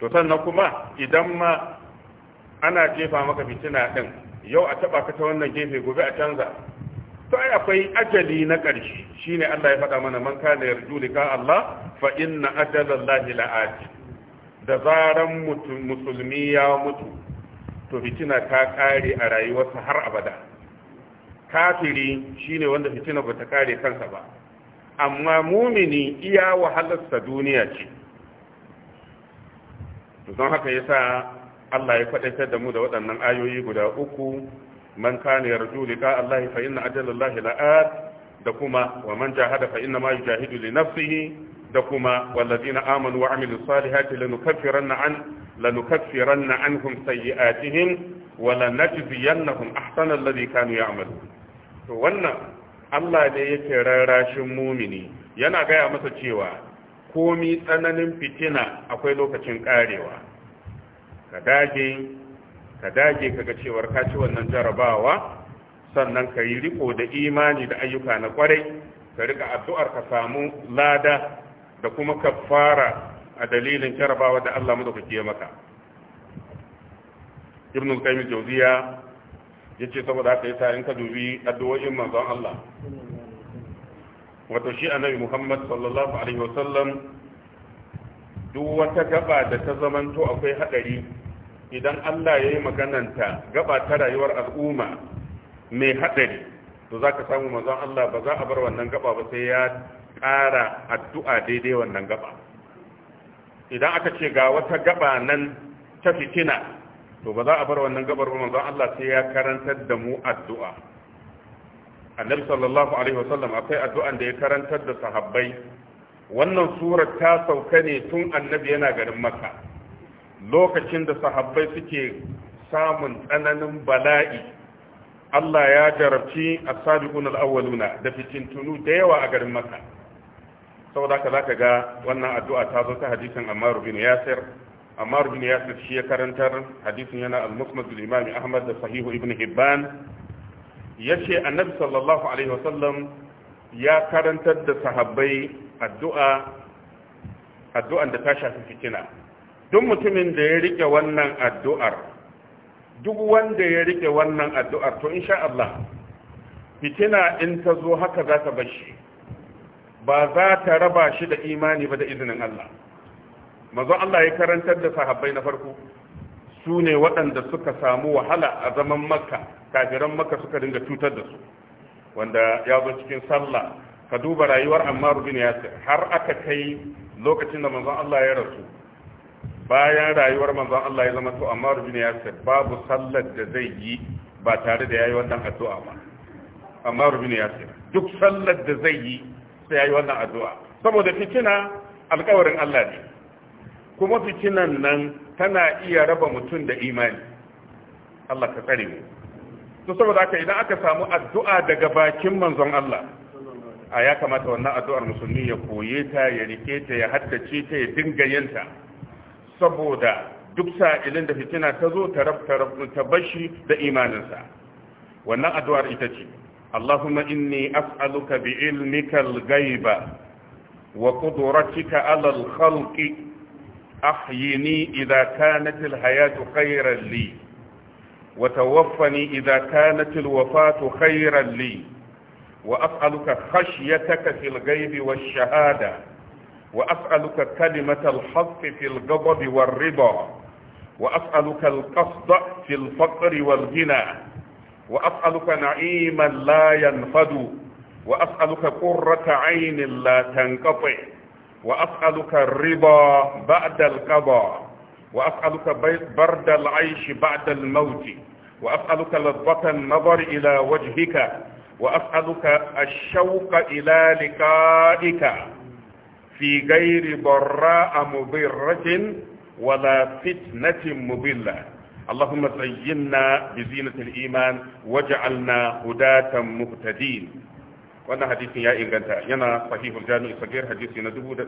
to sannan kuma idan ma ana jefa maka fitina din yau a taba ka ta wannan gefe gobe a canza to ai akwai ajali na ƙarshe shine Allah ya faɗa mana man kana yarju lika Allah fa inna ajalallahi la'at da zaran musulmi ya mutu to fitina ta kare a rayuwarsa har abada kafiri shine wanda fitina bata kare kansa ba amma mumini iya wahalarsa duniya ce don haka yasa Allah ya faɗaitar da mu da waɗannan ayoyi guda uku man kana yarju liqa Allah fa inna ajala Allah la'at da kuma wa man jahada fa inna ma yujahidu li nafsihi da kuma walladina amanu wa amilus salihati lanukaffiranna an lanukaffiranna anhum sayyi'atihim wa lanajziyannahum ahsana alladhi kanu ya'malun to wannan Allah ne yake rarrashin mumini yana gaya masa cewa komi tsananin fitina akwai lokacin karewa ka dage ka dage kaga cewar ka ci wannan jarabawa sannan ka yi riko da imani da ayyuka na kwarai ka rika addu'ar ka samu lada da kuma kafara a dalilin jarabawa da Allah madaukake maka ibn al-qayyim jawziya yace saboda haka yasa in ka dubi addu'o'in manzon Allah wato shi annabi Muhammad sallallahu alaihi wasallam duk wata gaba da ta zamanto akwai hadari idan Allah ya yi magananta gaba ta rayuwar al'umma mai hadari to ka samu manzon Allah ba za a bar wannan gaba ba sai ya ƙara addu'a daidai wannan gaba idan aka ce ga wata gaba nan ta fitina to ba za a bar wannan gabar ba manzon Allah sai ya karantar da mu addu'a annabi sallallahu alaihi wasallam akwai addu'an da ya karantar da sahabbai wannan surar ta sauka ne tun annabi yana garin makka lokacin da sahabbai suke samun tsananin bala'i Allah ya jarabci as-sabiqun al-awwaluna da fitintunu da yawa a garin makka saboda haka zaka ga wannan addu'a ta zo ta hadisin Ammar bin Yasir amma bin ya karantar hadisin yana al-musnad al ahmad da sahihu ibn hibban Ya yace annabi sallallahu alaihi wasallam ya karantar da sahabbai addu'a addu'an da ta shafi fitina duk mutumin da ya rike wannan addu'ar duk wanda ya rike wannan addu'ar to insha fitina in ta zo haka za ta bashi ba za ta raba shi da imani ba da izinin Allah manzo Allah ya karantar da sahabbai na farko su ne waɗanda suka samu wahala a zaman makka kafiran makka suka dinga cutar da su wanda ya zo cikin sallah ka duba rayuwar ammar bin yasir har aka kai lokacin da manzon Allah ya rasu bayan rayuwar manzon Allah ya zama to ammar bin yasir babu sallar da zai yi ba tare da yayi wannan addu'a ba ammar bin yasir duk sallar da zai yi sai yayi wannan addu'a saboda fitina alƙawarin Allah ne kuma fitinan nan tana iya raba mutum da imani Allah ka tsare mu saboda haka idan aka samu addu'a daga bakin manzon Allah a ya kamata wannan addu'ar musulmi ya koye ta ya rike ta ya haddace ta ya dinga yinta saboda duk sa'ilin da fitina ta zo ta rabta bashi da imaninsa wannan addu'ar ita ce Allahumma inni as'aluka bi ilmikal ghaiba wa qudratika 'ala al-khalqi أحيني إذا كانت الحياة خيرا لي وتوفني إذا كانت الوفاة خيرا لي وأسألك خشيتك في الغيب والشهادة وأسألك كلمة الحق في الغضب والرضا وأسألك القصد في الفقر والغنى وأسألك نعيما لا ينفد وأسألك قرة عين لا تنقطع وأسألك الرضا بعد القضاء وأسألك برد العيش بعد الموت وأسألك لذة النظر إلى وجهك وأسألك الشوق إلى لقائك في غير ضراء مضرة ولا فتنة مضلة اللهم زينا بزينة الإيمان وجعلنا هداة مهتدين wannan hadisin ya inganta yana sahihul jami'i sagir hadisi na 301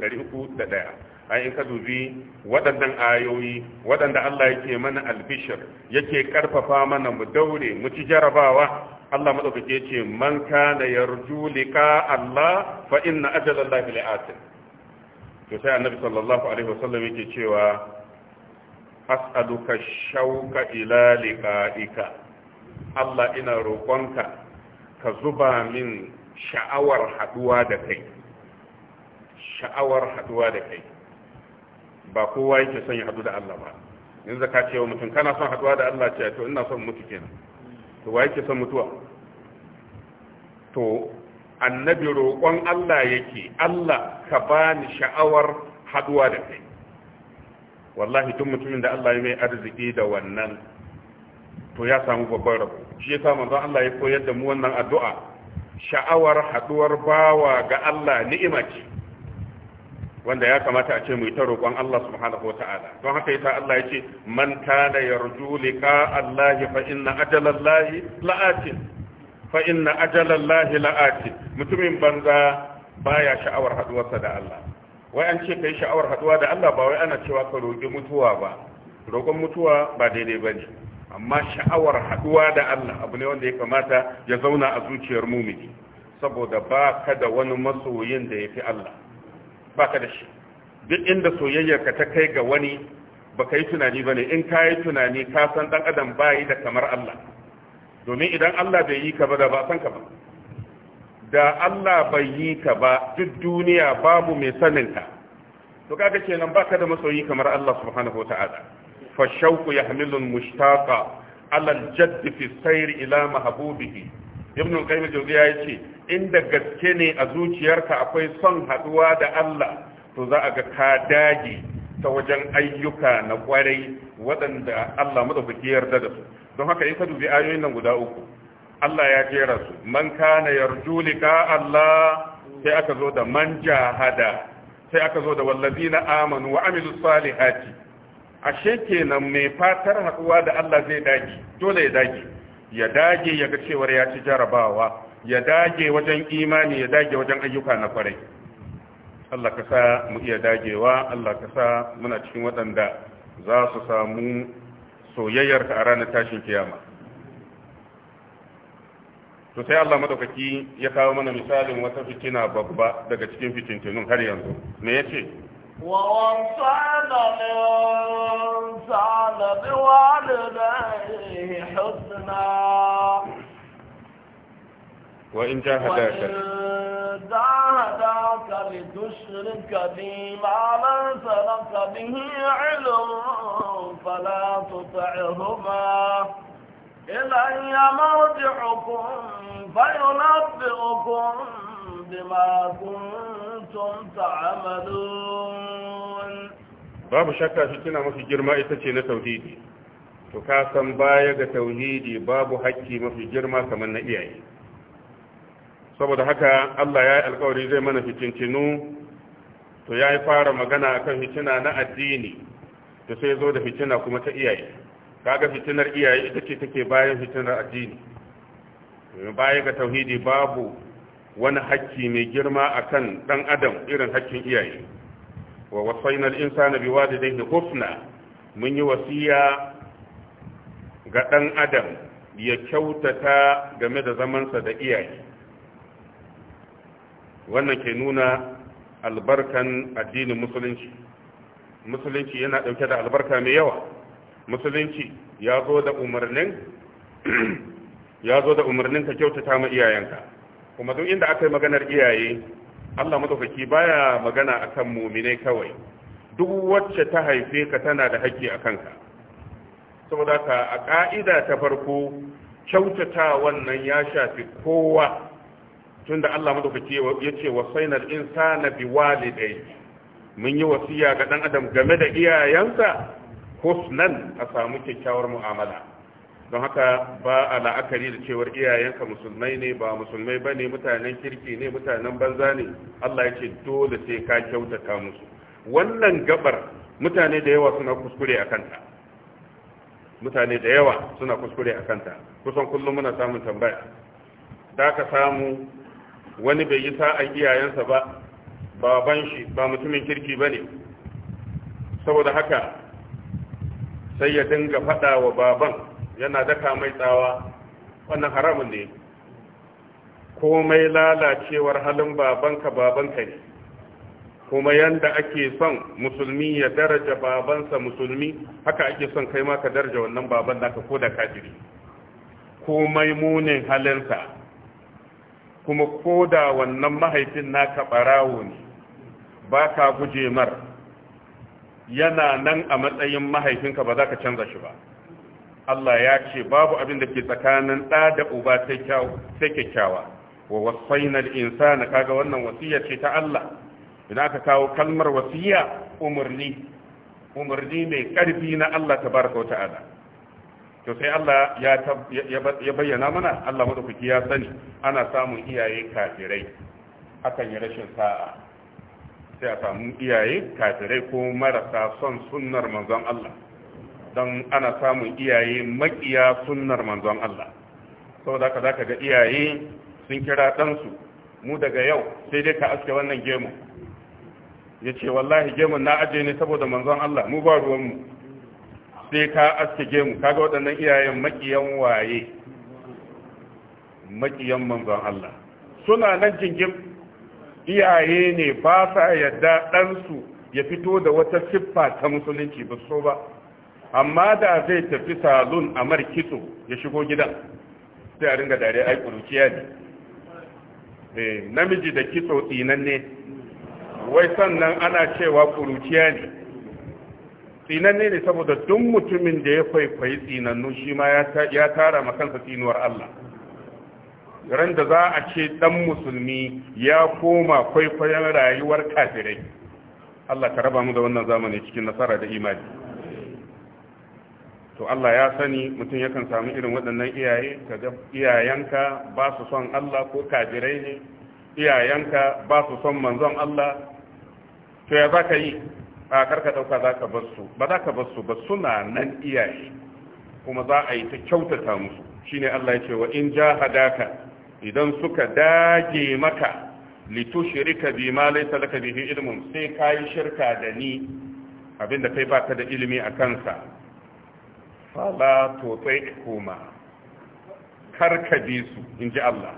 ai in ka dubi waɗannan ayoyi waɗanda Allah yake mana albishir yake karfafa mana mu daure mu ci jarabawa Allah madaukake yace man kana yarju liqa Allah fa inna ajala Allah la'atin to sai annabi sallallahu alaihi wasallam yake cewa as'aluka shauka ila liqa'ika Allah ina roƙonka ka zuba min sha'awar haduwa da kai sha'awar haduwa da kai ba kowa yake son ya hadu da Allah ba in zaka ce wa mutum kana son haduwa da Allah ce to ina son mutu kenan to wa yake son mutuwa to annabi roƙon Allah yake Allah ka bani sha'awar haduwa da kai wallahi duk mutumin da Allah ya mai arziki da wannan to ya samu babbar rabo shi yasa manzon Allah ya koyar da mu wannan addu'a sha'awar haduwar bawa ga Allah ni'ima ce wanda ya kamata a ce mu ta roƙon Allah subhanahu wa ta'ala don haka yasa Allah ya ce man kana yarju liqa Allah fa inna ajalallahi la'atin fa inna la'atin mutumin banza baya sha'awar haɗuwarsa da Allah wai an ce kai sha'awar haduwa da Allah ba wai ana cewa ka roƙi mutuwa ba roƙon mutuwa ba daidai bane amma sha'awar haduwa da Allah abu ne wanda ya kamata ya zauna a zuciyar mumini saboda ba ka da wani masoyin da ya fi Allah ba ka da shi duk inda soyayyarka ta kai ga wani ba ka yi tunani ba ne in ka yi tunani ka san ɗan adam ba yi da kamar Allah domin idan Allah bai yi ka ba da ba san ka ba da Allah bai yi ka ba duk duniya babu mai saninka to kaga kenan ka da masoyi kamar Allah subhanahu wa ta'ala fa shauku yahmilu alal ala fi sayr ila mahbubihi ibn al-qayyim jawziya yace inda gaske ne a zuciyarka akwai son haɗuwa da Allah to za a ga ka dage ta wajen ayyuka na kwarai waɗanda Allah madaukaki ya yarda da su don haka in ka dubi ayoyin nan guda uku Allah ya jera su man kana yarju liqa Allah sai aka zo da man jahada sai aka zo da wallazina amanu wa amilus salihati ashe kenan mai fatar haɗuwa da Allah zai dage dole ya dage ya dage ya ga cewar ya ci jarabawa ya dage wajen imani ya dage wajen ayyuka na kwarai Allah ka sa mu iya dagewa Allah ka sa muna cikin waɗanda za su samu soyayyarka a ranar tashin kiyama to sai Allah madaukaki ya kawo mana misalin wata fitina babba daga cikin fitintunun har yanzu me yace ووصانا الإنسان بوالديه حسنا وإن جاهداك وإن جاهداك لتشرك بما ما ليس لك به علم فلا تطعهما إلي مرجعكم فينبئكم بما كنتم تعملون babu shakka fitina mafi girma ita ce na tauhidi to ka san baya ga tauhidi babu hakki mafi girma kamar iyaye saboda haka Allah ya yi alkawari zai mana fitincinu to ya yi fara magana akan fitina na addini to sai zo da fitina kuma ta iyaye kaga fitinar iyaye ita ce take bayan fitinar addini baya ga tauhidi babu wani hakki mai girma akan dan adam irin hakkin iyaye wa wasaina al-insana biwalidayhi hufna, mun yi wasiya ga dan adam ya kyautata game da zamansa da iyaye wannan ke nuna albarkan addinin musulunci musulunci yana dauke da albarka mai yawa musulunci ya zo da umarnin ya zo da umarnin ka kyautata ma iyayenka kuma duk inda aka yi maganar iyaye Allah madaukaki baya magana akan muminai kawai duk wacce ta haife ka tana da haƙƙi a kanka saboda ka a ƙa'ida ta farko kyautata wannan ya shafi kowa tunda Allah madaukaki ya ce wa sa insana bi walidai mun yi wasiya ga dan adam game da iyayensa husnan a samu kyakkyawar mu'amala don haka ba a la'akari da cewar iyayenka musulmai ne ba musulmai ba ne mutanen kirki ne mutanen banza ne allah ya ce dole sai ka kyautata musu wannan gabar mutane da yawa suna kuskure a kanta mutane da yawa suna kuskure a kanta kusan kullum muna samun tambaya da ka samu wani bai yi sa'an iyayensa ba baban shi ba mutumin kirki ba ne saboda haka sai ya dinga faɗa wa baban yana daka mai tsawa wannan haramun ne komai lalacewar halin babanka babanka ne kuma yanda ake son musulmi ya daraja babansa musulmi haka ake son kai ma ka daraja wannan baban naka ko da kafiri komai munin halinsa kuma ko da wannan mahaifin naka barawo ne ba ka guje mar yana nan a matsayin mahaifinka ba za ka canza shi ba Allah ya ce babu abin da ke tsakanin ɗa da uba sai kyakkyawa wa wasainal insana kaga wannan wasiya ce ta Allah idan aka kawo kalmar wasiya umarni umarni mai ƙarfi na Allah Ta wa ta'ala to sai Allah ya bayyana mana Allah madaukaki ya sani ana samun iyaye kafirai akan yi rashin sa'a sai a samu iyaye kafirai ko marasa son sunnar manzon Allah don ana samun iyaye makiya sunnar manzon Allah saboda ka zaka ga iyaye sun kira ɗansu mu daga yau sai dai ka aske wannan gemu ya ce wallahi gemu na aje ne saboda manzon Allah mu ba ruwanmu sai ka aske gemu kaga waɗannan iyayen makiyan waye makiyan manzon Allah suna nan jingim iyaye ne ba sa yadda ɗansu ya fito da wata siffa ta musulunci ba so ba amma da zai tafi salon a markito ya shigo gidan sai a ringa dare ai kuruciya ne eh, namiji da kitso tsinan ne wai sannan ana cewa kuruciya ne tsinan ne ne saboda duk mutumin da ya kwaikwayi tsinannu shi ma ya tara makansa tsinuwar Allah ran da za a ce dan musulmi ya koma kwaikwayon rayuwar kafirai Allah ka raba mu da wannan zamani cikin nasara da imani to Allah ya sani mutum yakan samu irin waɗannan iyaye kaga iyayenka ba su son Allah ko kajirai ne iyayenka ba su son manzon Allah to ya zaka yi a karka dauka zaka bar su ba zaka bar su ba suna nan iyaye kuma za a yi ta kyautata musu shine Allah ya ce wa in jahadaka idan suka dage maka litushrika bi ma laysa laka bihi ilmun sai kai shirka da ni abinda kai baka da ilimi a kansa fala totsai kuma karkabe su in ji Allah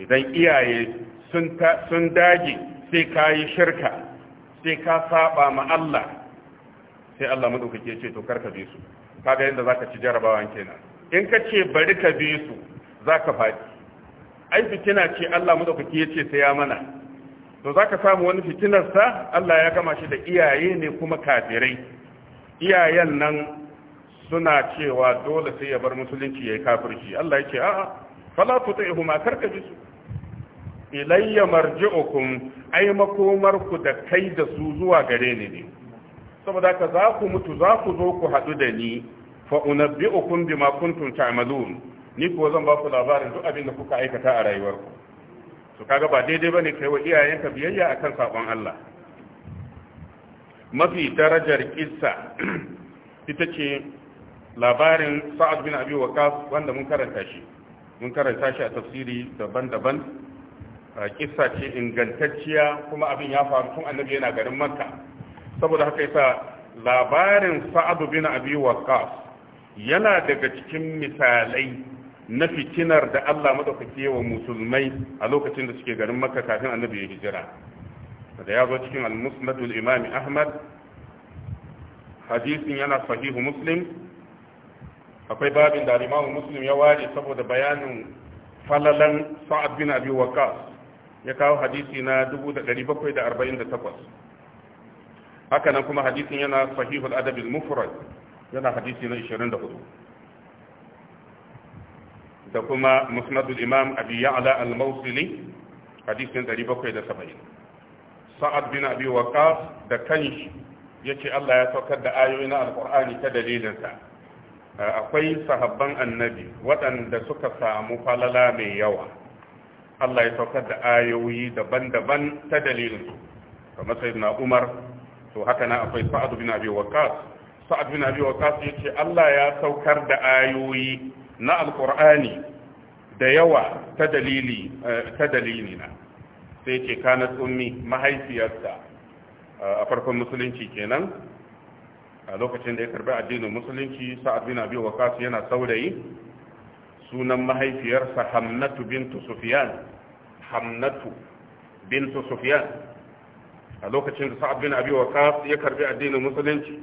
idan iyaye sun dage sai ka yi shirka sai ka saba ma Allah sai Allah maɗaukake ce to karkabe su kaga yadda za ka ci jarabawan kenan in ka ce bari ka bi su za ka faɗi ai fitina ce Allah maɗaukake ya ce sai ya mana to za ka samu wani fitinarsa Allah ya kama shi da iyaye ne kuma kafirai iyayen nan suna cewa dole sai ya bar musulunci ya yi kafirci Allah yake a'a fala tuti'hu karka bisu ilayya marji'ukum ai makomarku da kai da su zuwa gare ni ne saboda ka za ku mutu za ku zo ku haɗu da ni fa unabbi'ukum bima kuntum ta'malun ni kuwa zan ba ku labarin duk abin da kuka aikata a rayuwarku to kaga ba daidai bane kai wa iyayenka biyayya akan sabon Allah mafi darajar kissa ita ce labarin sa'ad bin abi waqas wanda mun karanta shi mun karanta shi a tafsiri daban-daban kissa ce ingantacciya kuma abin ya faru tun annabi yana garin makka saboda haka yasa labarin sa'ad bin abi waqas yana daga cikin misalai na fitinar da Allah madaukake wa musulmai a lokacin da suke garin makka kafin annabi ya hijira da ya zo cikin al-musnad al-imam ahmad hadisin yana sahihu muslim akwai babin da alimamu muslim ya ware saboda bayanin falalan sa'ad bin abi waqas ya kawo hadisi na 1748 haka nan kuma hadisin yana sahihul adab al-mufrad yana hadisi na 24 da kuma musnad al-imam abi ya'la al-mawsili hadisin 770 sa'ad bin abi waqas da kanshi yace Allah ya saukar da ayoyi na alqur'ani ta dalilinsa akwai sahabban annabi waɗanda suka samu falala mai yawa Allah ya saukar da ayoyi daban-daban ta dalilinsu kamar sai na umar to haka na akwai sa'ad bin abi waqas sa'ad bin abi waqas yace Allah ya saukar da ayoyi na alqur'ani da yawa ta dalili eh, ta dalilina sai yace kana ummi mahaifiyarsa a farkon musulunci kenan a lokacin da ya karbi addinin musulunci sa'ad bin abi waqas yana saurayi sunan mahaifiyarsa hamnatu bintu sufyan hamnatu bintu sufyan a lokacin da sa'ad bin abi waqas ya karbi addinin musulunci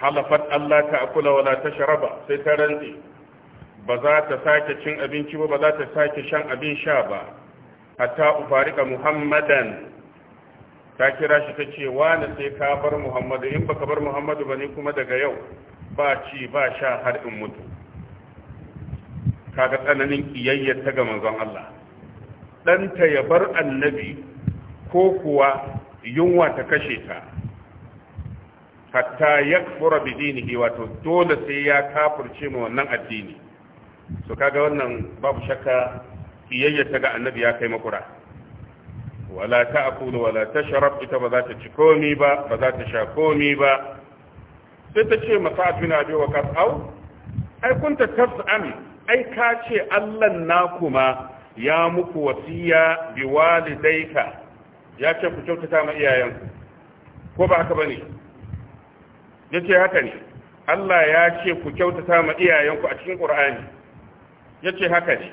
halafat Allah ta akula ta tashraba sai ta rantsi ba za ta sake cin abinci ba ba za ta sake shan abin sha ba hatta ufarika muhammadan ta kira shi ta ce wani sai ka bar muhammadu in baka bar muhammadu ba ne kuma daga yau ba ci ba sha har in mutu kaga tsananin kiyayyar ta ga manzon Allah ɗanta ya bar annabi ko kuwa yunwa ta kashe ta hatta ya fura bidinihi wato dole sai ya kafurce mu wannan addini so kaga wannan babu shakka kiyayyar ta ga annabi ya kai makura wala ta ta'kulu wala ta tashrab ita ba za ta ci komi ba ba za ta sha komi ba sai ta ce masa bin abi wa kasau ai kunta tas'ami ai ka ce Allah na kuma ya muku wasiya bi walidaika ya ce ku kyautata ma iyayenku ko ba haka bane yace haka ne Allah ya ce ku kyautata ma iyayenku a cikin Qur'ani yace haka ne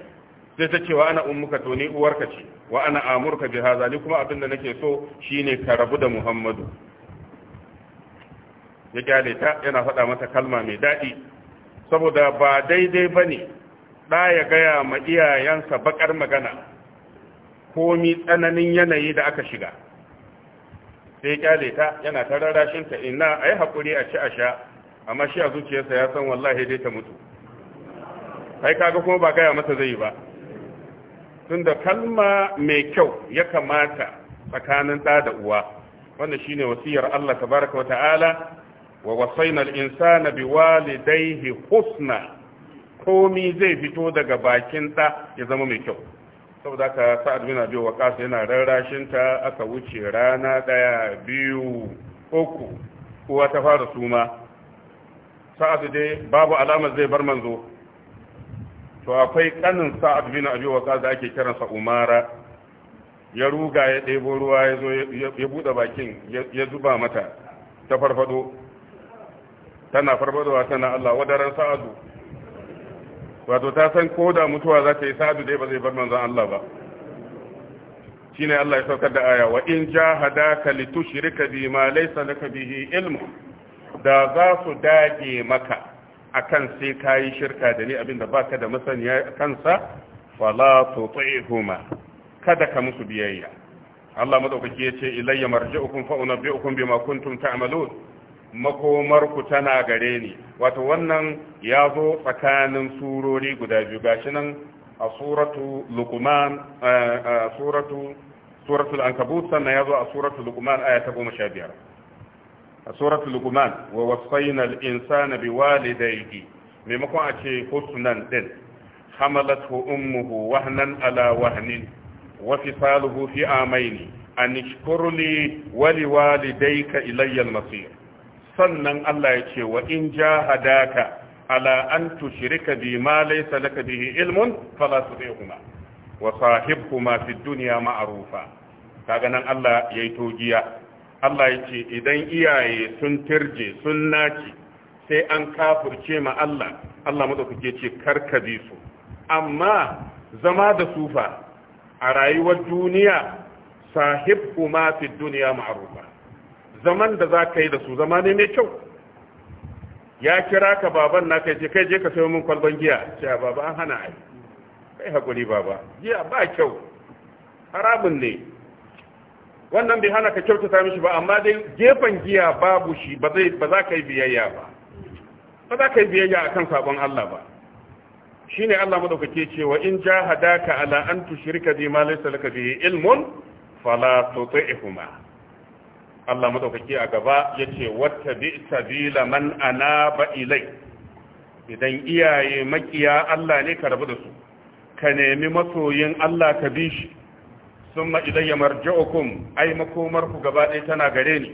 sai ta ce wa ana ummuka to ni uwarka ce wa ana amurka bi haza ni kuma abin da nake so shine ka rabu da Muhammadu ya kyale ta yana faɗa mata kalma mai daɗi saboda ba daidai bane ɗa ya gaya ma iyayensa bakar magana komi tsananin yanayi da aka shiga sai kyale ta yana ta rarashinta ina a haƙuri a ci a sha amma shi a zuciyarsa ya san wallahi dai ta mutu kai kaga kuma ba gaya mata zai yi ba tunda kalma mai kyau ya kamata tsakanin ɗa da uwa shi shine wasiyar Allah tabaraka wa ta'ala wa wasaina al bi walidai husna komi zai fito daga bakin ɗa ya zama mai kyau saboda ka sa'ad bin abi waqas yana rarrashin ta aka wuce rana daya biyu uku uwa ta fara suma sa'ad dai babu alamar zai bar manzo to akwai kanin sa'ad bin abi waqas da ake kiransa umara ya ruga ya ɗebo ruwa ya zo ya buɗe bakin ya zuba mata ta farfado tana farfadowa tana Allah wadaran sa'adu wato ta san ko da mutuwa za ta yi sa'adu dai ba zai bar manzon Allah ba shine Allah ya saukar da aya wa in jahadaka litushrika bima laysa laka bihi ilmu da za su dage maka akan sai kayi shirka da ni abinda baka da masaniya kansa wala goma. kada ka musu biyayya Allah madaukaki yace ilayya marji'ukum fa unabbi'ukum bima kuntum ta'malun makomar ku tana gare ni wato wannan ya zo tsakanin surori guda biyu gashi nan a suratu luqman eh, eh, suratu suratul ankabut sannan ya zo a suratul luqman aya ta 15 a suratul lukman wa wasfaina al-insana biwalidayhi maimakon a ce husnan din hamalathu ummuhu wahnan ala wahnin wa fisaluhu fi amaini an ishkur li wa liwalidayka masir sannan Allah ya ce wa in jahadaka ala an tushrika bi ma laysa laka bihi ilmun fala tuṭi'huma wa sahibhuma fi dunya ma'rufa kaga nan Allah yayi togiya Allah ya ce idan iyaye sun tirje sun naci sai an kafurce ma Allah Allah kar ce bi su amma zama da sufa a rayuwar duniya sahib kuma fi duniya ma'rufa zaman da za ka yi da su zama ne mai kyau ya kira ka baban na kai ce kai je ka sayo min kwalban giya ce baba an hana ai kai hakuri baba giya ba kyau haramun ne wannan bai hana ka kyautata mishi ba amma dai gefen giya babu shi ba za ka yi biyayya ba ba za ka yi biyayya kan sabon Allah ba shi ne Allah madaukake cewa in ja hadaka ala an tushrika bi ma laisa laka bihi ilmun fala ihuma Allah madaukake a gaba yace bi sabila man anaba ilai idan iyaye makiya Allah ne ka rabu da su ka nemi masoyin Allah ka bi shi Sun ya ilayya marji'ukum ai makomarku gaba ɗaya tana gare ni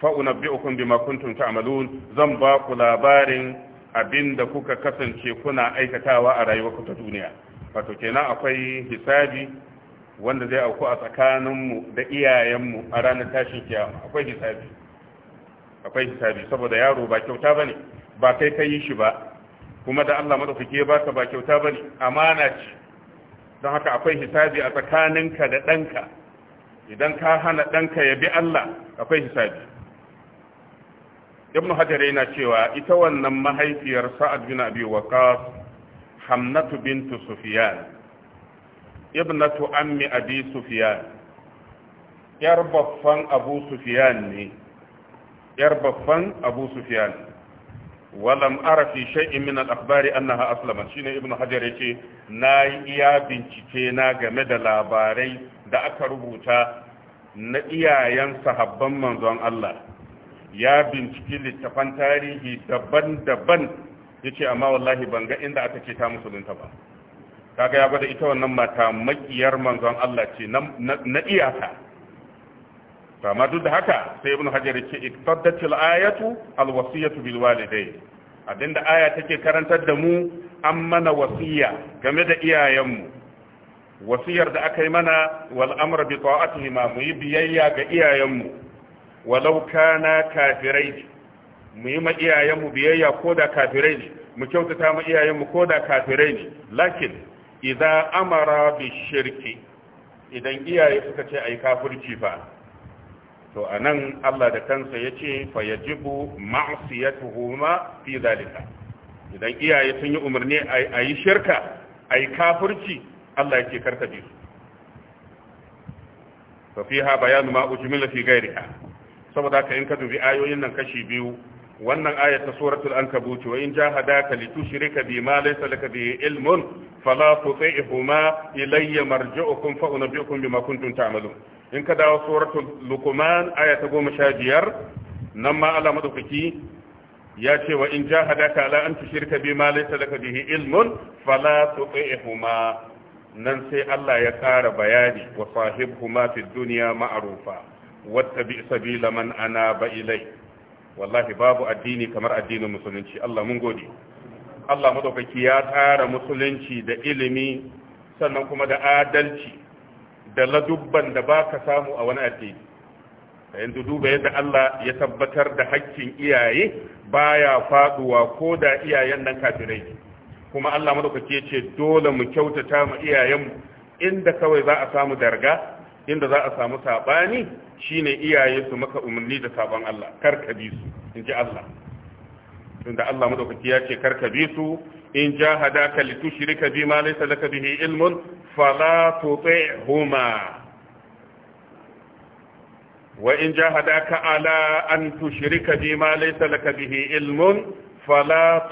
bi unabbi'ukum bima kuntum ta'malun zan ba ku labarin da kuka kasance kuna aikatawa a rayuwarku ta duniya wato kenan akwai hisabi wanda zai auku a tsakaninmu da iyayenmu a ranar tashin kiyama akwai hisabi akwai hisabi saboda yaro ba kyauta ba ne, ba kai ka yi shi ba kuma da Allah madaukake ya ba ka ba kyauta ba ne, amana ce don haka akwai hisabi a tsakaninka da ɗanka idan ka hana ɗanka ya bi Allah akwai hisabi ibn hajar yana cewa ita wannan mahaifiyar sa'ad bin abi waqas hamnatu bintu sufyan ibnatu ammi abi sufyan yar baffan abu sufyan ne yar baffan abu sufyan walam ara fi shay'in min al-akhbari annaha aslamat shine ibnu hajar yace nayi iya bincike na game da labarai da aka rubuta na iyayen sahabban manzon Allah ya binciki littafan tarihi daban-daban yace amma wallahi ban ga inda aka ce ta musulunta ba kaga ya gwada ita wannan mata makiyar manzon Allah ce na iyaka amma duk da haka sai ibn hajar ce iqtaddatil ayatu alwasiyatu bil walidai abinda aya take karantar da mu an mana wasiya game da iyayenmu wasiyar da aka yi mana wal amra bi ma mu yi biyayya ga iyayenmu walau kana kafirai mu yi ma iyayenmu biyayya ko da kafirai mu kyautata ma iyayenmu ko da kafirai ne lakin idan amara bi shirki idan iyaye suka ce ai kafirci fa to a nan Allah da kansa ya ce fayajibu ma'asiyatuhuma fi zalika idan iyaye sun yi umarni a yi shirka a yi kafirci Allah ya ce karka bi su fi ha bayan ma ujmila fi ghairiha saboda ka in ka dubi ayoyin nan kashi biyu wannan ayat ta suratul ankabut wa in jahadaka tushrika bi ma laysa laka bi ilmun fala tuti'huma ilayya marji'ukum fa unabbi'ukum bima kuntum ta'malun in ka dawo suratul lukuman aya ta goma sha biyar nan ma Allah madaukaki ya ce wa in jahadaka ala an tushrika bi ma laysa laka bihi ilmun fala tuqihuma nan sai Allah ya kara bayani wa sahibhuma fid dunya ma'rufa wattabi sabila man anaba ilai wallahi babu addini kamar addinin musulunci Allah mun gode Allah madaukaki ya tsara musulunci da ilimi sannan kuma da adalci da ladubban da ba ka samu a wani addini yanzu duba yadda Allah ya tabbatar da haƙƙin iyaye baya faduwa ko da iyayen nan kafirai kuma Allah madaukake ce dole mu kyautata mu iyayenmu inda kawai za a samu darga inda za a samu sabani shine iyaye su maka umarni da sabon Allah karka bi su in ji Allah tunda Allah madaukake ya ce karka bi su in jahadaka litushrika bima laysa laka bihi ilmun fala tuti'huma wa in jahadaka ala an tushrika bima laysa ilmun fala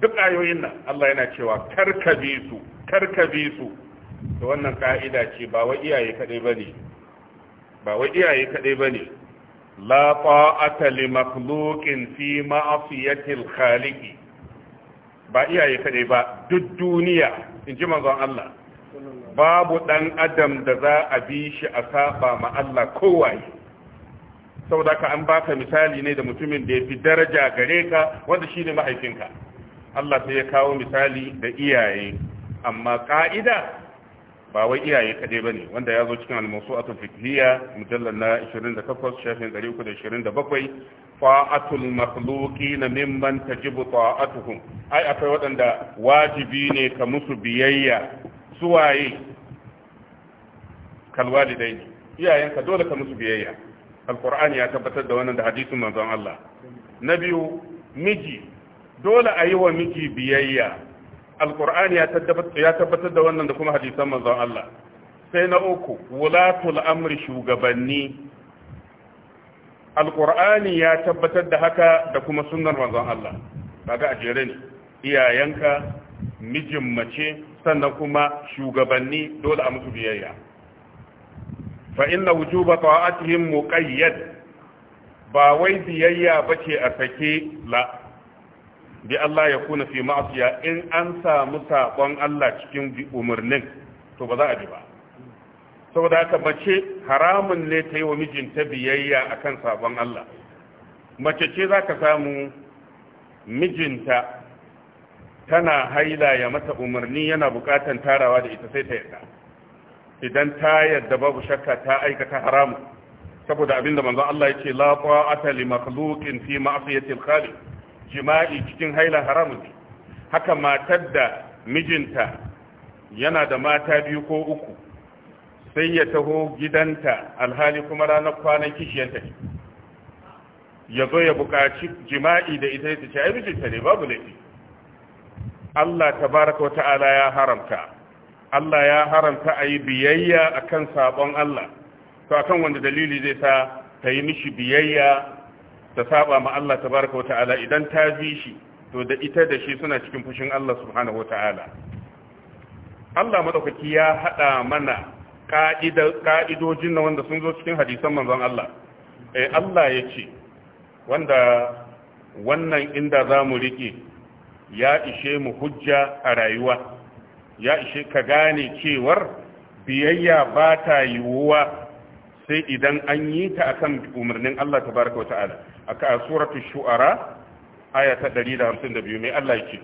duk ayoyin nan Allah yana cewa karkabe su karkabe su to wannan ka'ida ce ba wa iyaye kadai bane ba wa iyaye kadai bane la ta'ata li makhluqin fi ma'siyati al-khaliqi ba iyaye kadai ba duk duniya in ji manzon Allah babu dan adam da za a bi shi a saba ma Allah kowaye saboda ka an baka misali ne da mutumin da ya fi daraja gare ka wanda shi ne mahaifinka Allah sai ya kawo misali da iyaye amma ka'ida ba wai iyaye kaɗai ba ne wanda ya zo cikin almasu atul fikiyya mujallar na 28 shafin 327 fa'atul makhluki na mimman ta jibu ta'atuhum ai akwai waɗanda wajibi ne ka musu biyayya suwaye dai ne iyayenka dole ka musu biyayya alkur'ani ya tabbatar da wannan da hadisin manzon Allah na biyu miji dole a yi wa miji biyayya alqur'ani ya tabbatar da wannan da kuma hadisan manzon Allah sai na uku wulatul amri shugabanni alqur'ani ya tabbatar da haka da kuma sunnar manzon Allah kaga a jere ne iyayenka mijin mace sannan kuma shugabanni dole a musu biyayya fa inna wujuba ta'atihim muqayyad ba wai biyayya bace a sake la bi Allah ya kuna fi ma'asiya in an samu sabon Allah cikin umarnin to ba za a ji ba saboda haka mace haramun ne ta yi wa mijinta biyayya akan sabon Allah mace ce za ka samu mijinta tana haila ya mata umarni yana buƙatan tarawa da ita sai ta yarda idan ta yarda babu shakka ta aikata haramun saboda abinda manzon Allah ya ce la ta'ata li makhluqin fi ma'siyatil khaliq jima'i cikin haila haramun ne haka matar da mijinta yana da mata biyu ko uku sai ya taho gidanta alhali kuma ranar kwanan kishiyanta ne ya zo ya buƙaci jima'i da ita ita ce ai mijinta ne babu laifi Allah tabaraka wata'ala ya haramta Allah ya haramta a yi biyayya akan sabon Allah to akan wanda dalili zai sa ta yi mishi biyayya ta saba ma Allah tabaraka wa ta'ala idan ta bi shi to da ita da shi suna cikin fushin Allah subhanahu wa ta'ala Allah madaukaki ya hada mana ka'idojin na wanda sun zo cikin hadisan manzon Allah eh Allah ya ce wanda wannan inda za mu rike ya ishe mu hujja a rayuwa ya ishe ka gane cewar biyayya ba ta yiwuwa sai idan an yi ta akan umarnin Allah tabaraka wa ta'ala aka suratu shu'ara aya ta 152 mai Allah yake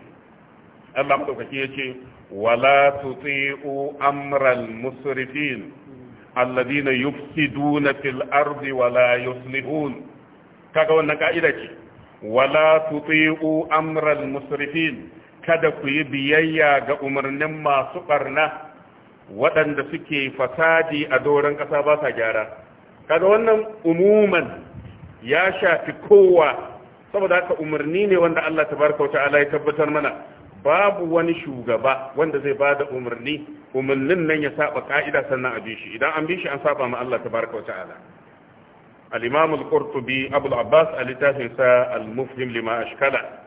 Allah madaukaki yake wala tuti'u amral musrifin alladhina yufsiduna fil ardi wala yuslihun kaga wannan ka'ida ce wala tuti'u amral musrifin kada ku yi biyayya ga umarnin masu barna waɗanda suke fasadi a doron ƙasa ba sa gyara kaga wannan umuman ya shafi kowa saboda haka umarni ne wanda Allah tabaraka wa ta'ala ya tabbatar mana babu wani shugaba wanda zai bada umarni umarnin nan ya saba ka'ida sannan a shi idan an bi shi an saba ma Allah tabaraka wa ta'ala al-imam al-qurtubi abul abbas al-tahin sa al-mufhim lima ashkala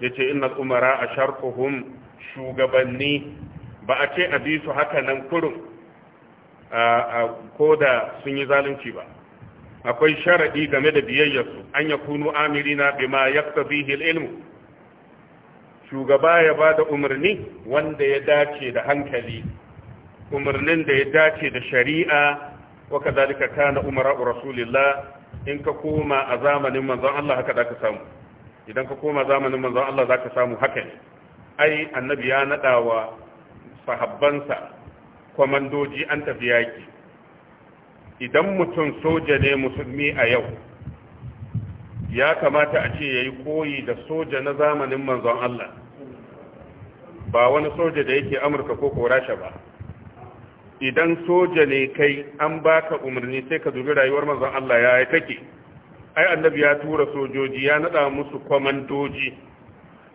yace innal umara asharquhum shugabanni ba a ce a bi su haka nan kurun ko da sun yi zalunci ba akwai sharaɗi game da biyayyarsu an ya kunu amirina bima yaktabihi ilmu shugaba ya ba da umarni wanda ya dace da hankali umarnin da ya dace da shari'a wa ka kana umara'u rasulillah in ka koma a zamanin manzon Allah haka zaka samu idan ka koma zamanin manzon Allah zaka samu haka ne ai annabi ya naɗa wa sahabbansa kwamandoji an tafi yaki idan mutum soja ne musulmi a yau ya kamata a ce ya yi koyi da soja na zamanin manzon Allah ba wani soja da yake amurka ko korasha ba idan soja ne kai an baka umarni sai ka dubi rayuwar manzon Allah ya yi kake. ai annabi ya tura sojoji ya nada musu kwamandoji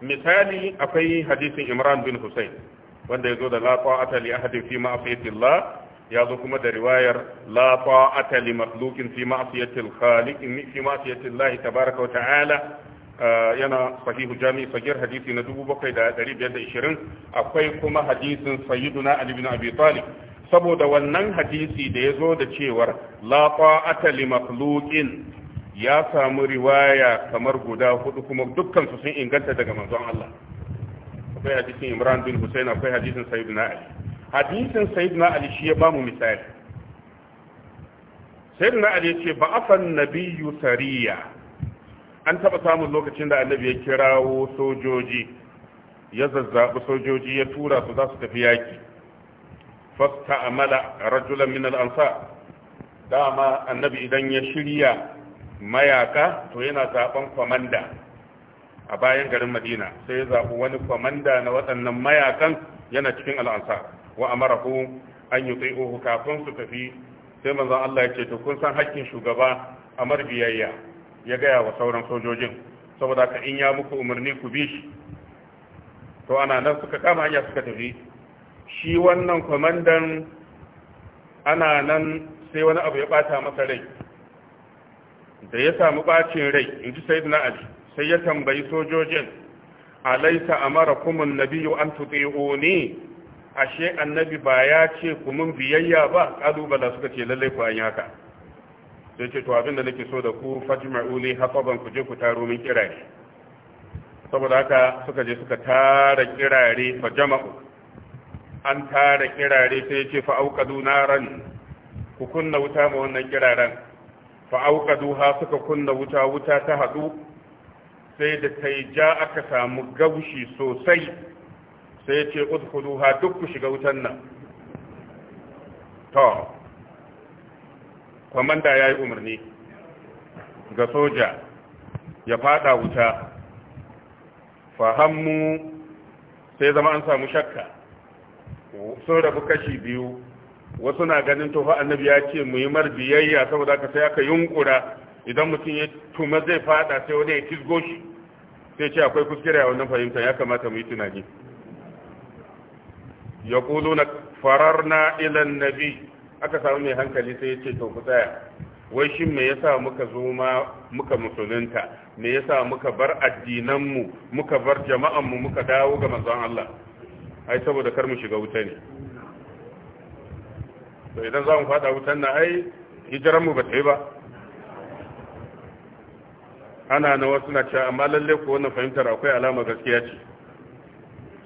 misali akwai hadisin imran bin husayn wanda ya zo da la ta'ata li ahadin fi ma'asiyatillah ya zo kuma da riwayar la ta'ata li makhluqin fi ma'siyatil khaliq fi ma'siyatil lahi tabaaraka wa ta'ala uh, yana sahihu jami sagir hadisi na 7520 akwai kuma hadisin sayyiduna ali ibn abi talib saboda wannan hadisi da ya zo da cewar la ta'ata li makhluqin ya samu riwaya kamar guda hudu kuma dukkan su sun inganta daga manzon Allah akwai hadisin Imran bin Husayn akwai hadisin Sayyidina Ali hadisin sayyidina ali shi ya bamu misali sayyidina ali ya ce ba'afan nabiyyu sariya an taba samun lokacin da annabi ya kirawo sojoji ya zazzabi sojoji ya tura su za su tafi yaki fasta amala rajulan min al dama annabi idan ya shirya mayaka to yana zaben kwamanda a bayan garin madina sai ya zaɓi wani kwamanda na waɗannan mayakan yana cikin al'ansa wa amarahu an yi yuti'uhu kafin su tafi sai manzan Allah ya ce to kun san hakkin shugaba amar biyayya ya gaya wa sauran sojojin saboda ka in ya muku umarni ku bi shi to ana nan suka kama hanya suka tafi shi wannan kwamandan ana nan sai wani abu ya bata masa rai da ya samu bacin rai in ji sai ya tambayi sojojin alaita amarakumun nabiyyu an tuti'uni ashe annabi ba ya ce kuma biyayya ba kalubala suka ce lalle ku an yaka sai ce to abin da nake so da ku fajma'u li hataban ku je ku taro min kirare saboda haka suka je suka tara kirare ba jama'u an tara kirare sai ya ce fa na ran ku kunna wuta ma wannan kiraren fa ha suka kunna wuta wuta ta haɗu. sai da ta ja aka samu gaushi sosai sai ya ce ha duk ku shiga wutan nan to kwamanda ya yi umarni ga soja ya fada wuta fahammu sai zama an samu shakka sun rabu kashi biyu wasu na ganin tofa annabi ya ce mu yi biyayya saboda ka sai aka yunkura idan mutum ya tuma zai fada sai wani ya kisgo shi sai ce akwai kuskure a wannan fahimta ya kamata mu yi tunani ya kulu na farar na ilan nabi aka samu mai hankali sai ya ce to ku tsaya wai shi me yasa muka zo ma muka musulunta me yasa muka bar addinanmu muka bar jama'anmu muka dawo ga manzon Allah ai saboda kar mu shiga wuta ne to idan za mu fada wutan na ai hijiranmu ba ta yi ba ana na wasu na cewa amma lalle ko wannan fahimtar akwai alama gaskiya ce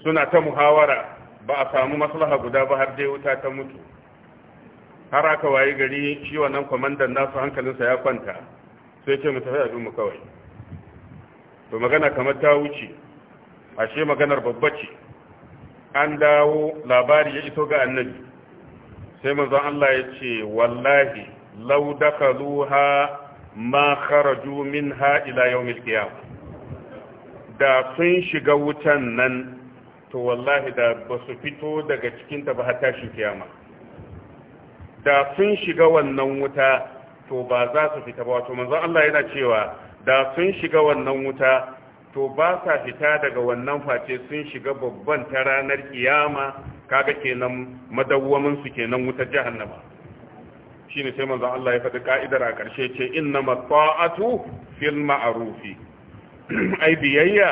suna ta muhawara ba a samu maslaha guda ba har dai wuta ta mutu har aka wayi gari shi wannan kwamandan nasu hankalinsa ya kwanta sai ce mu tafi abin mu kawai to magana kamar ta wuce ashe maganar babba ce an dawo labari ya iso ga annabi sai manzon Allah ya ce wallahi law dakaluha ma kharaju minha ila yawmil qiyamah da sun shiga wutan nan to wallahi da basu fito daga cikinta ba har tashin kiyama da sun shiga wannan wuta to ba za su fita ba wato manzon Allah yana cewa da sun shiga wannan wuta to ba sa fita daga wannan face sun shiga babban ta ranar kiyama kaga kenan madawwamin su kenan wutar jahannama shine sai manzon Allah ya faɗi ka'idar a ƙarshe ce innama ta'atu fil ma'rufi ai biyayya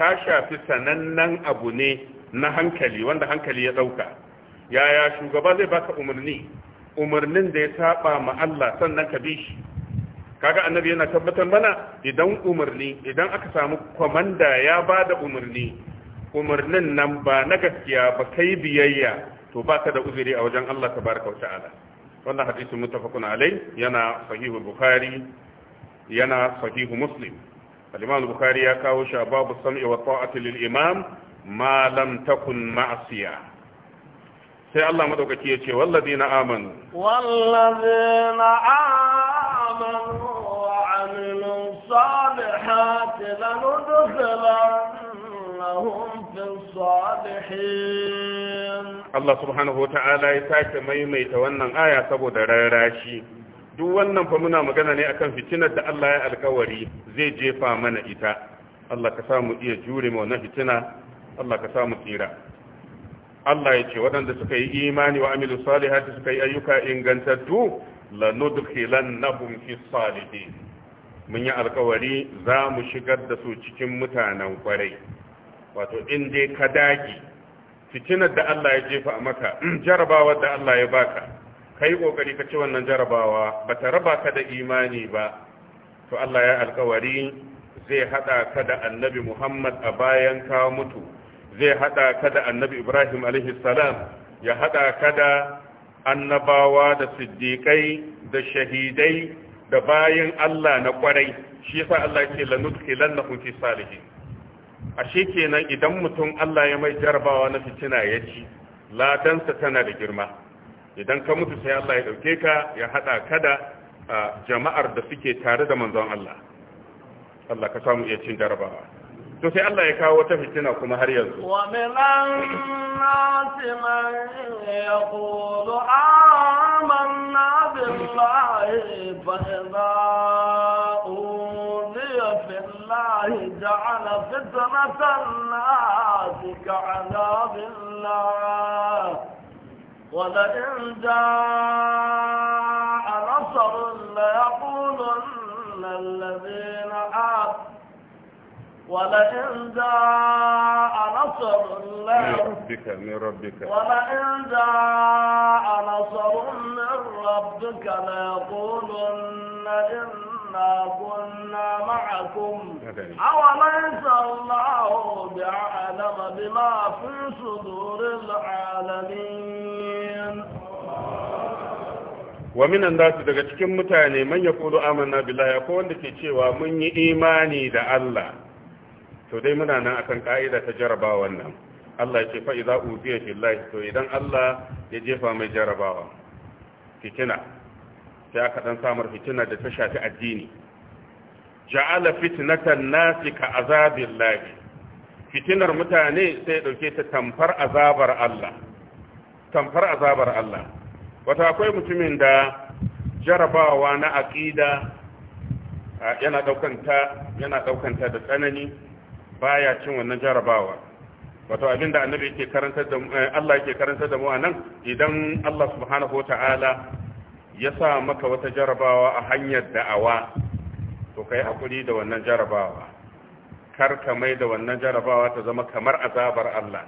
ta shafi sanannen abu ne na hankali wanda hankali ya dauka yaya shugaba zai baka umarni umarnin da ya saba ma Allah sannan ka bi shi kaga annabi yana tabbatar mana idan umarni idan aka samu kwamanda ya ba da umarni umarnin nan ba na gaskiya ba kai biyayya to baka da uzuri a wajen Allah tabaraka wa ta'ala wannan hadisi muttafaqun alai yana sahihu bukhari yana sahihu muslim al-imam bukhari ya kawo shi babu sam'i wa ta'ati lil imam ma lam takun ma'siya sai Allah madaukaki yace walladina amanu walladina amanu wa amilu salihati lanudkhilahum هم في الصالحين الله سبحانه وتعالى يساك ميميت وانا آية سبو دراراشي duk wannan fa muna magana ne akan fitinar da Allah ya alkawari zai jefa mana ita Allah ka samu iya jure ma wannan fitina Allah ka samu tsira Allah ya ce waɗanda suka yi imani wa amilu salihati suka yi ayyuka ingantattu lanudkhilannahum fi salihin mun yi alkawari za mu shigar da su cikin mutanen kwarai wato in dai ka dage fitinar da Allah ya jefa a maka jarabawar da Allah ya baka kai kokari ka ci wannan jarabawa ba ta raba ka da imani ba to Allah ya alkawari zai hada ka da annabi Muhammad a bayan ka mutu zai hada ka da annabi Ibrahim alaihi salam ya hada ka da annabawa da siddiqai da shahidai da bayan Allah na kwarai shi yasa Allah ya ce lanudkhilannakum fi salihin ashe kenan idan mutum Allah ya mai jarabawa na fitina ya ci ladansa tana da girma idan ka mutu sai Allah ya dauke ka ya hada ka da jama'ar da suke tare da manzon Allah Allah ka samu iya cin jarabawa to sai Allah ya kawo wata fitina kuma har yanzu wa minan nasi man yaqulu amanna billahi fa الله جعل فتنة الناس كعذاب الله ولئن جاء نصر ليقولن الذين آمنوا ولئن جاء نصر ربك من ربك ولئن جاء نصر من ربك ليقولن إن ما كنا معكم أوليس الله بأعلم بما في صدور العالمين wa minan nasu daga cikin mutane man ya kudu amanna billahi wanda ke cewa mun yi imani da Allah to dai muna nan akan ka'ida ta jarabawar wannan Allah ce fa idza uziya billahi to idan Allah ya jefa mai jarabawa fitina sai aka dan samar fitina da ta shafi addini ja'ala fitnatan nasi ka azabillahi fitinar mutane sai dauke ta tamfar azabar Allah tamfar azabar Allah wata akwai mutumin da jarabawa na aqida yana daukanta yana da tsanani baya cin wannan jarabawa wato abinda annabi da eh, Allah yake karantar da mu anan idan Allah subhanahu wataala ya sa maka wata jarabawa a hanyar da'awa to kai hakuri da wannan jarabawa kar ka mai da wannan jarabawa ta zama kamar azabar Allah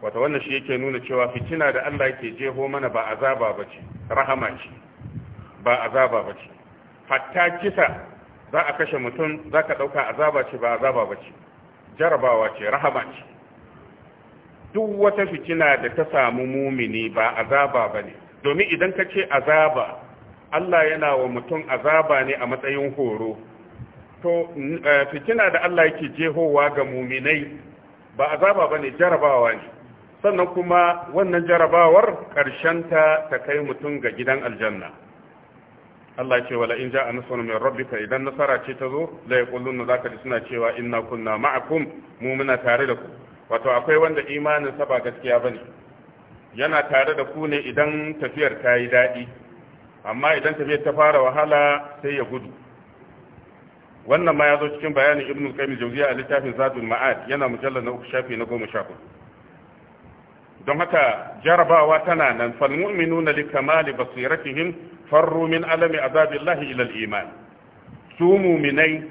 wata wannan shi yake nuna cewa fitina da Allah yake jeho mana ba azaba bace rahama ce ba azaba bace hatta kisa za a kashe mutum za ka ɗauka azaba ce ba azaba bace jarabawa ce rahama ce duk wata fitina da ta samu mumini ba azaba bane domin idan ka ce azaba Allah yana wa mutum azaba ne a matsayin horo to eh, fitina da Allah yake jehowa ga muminai ba azaba ba ne jarabawa ne sannan kuma wannan jarabawar ƙarshenta ta kai mutum ga gidan aljanna Allah ce wala in ja'a nasrun min rabbika idan nasara ce ta zo la yaquluna zaka ji suna cewa inna kunna ma'akum mu tare da ku wato akwai wanda imanin sa ba gaskiya bane yana tare da ku ne idan tafiyar ta yi daɗi amma idan tafiyar ta fara wahala sai ya gudu wannan ma ya zo cikin bayanin ibn qayyim jawziya a littafin zadul ma'ad yana mujallal na uku shafi na goma sha hudu don haka jarabawa tana nan fal mu'minuna li basiratihim farru min alami azabillahi ila al iman su mu'minai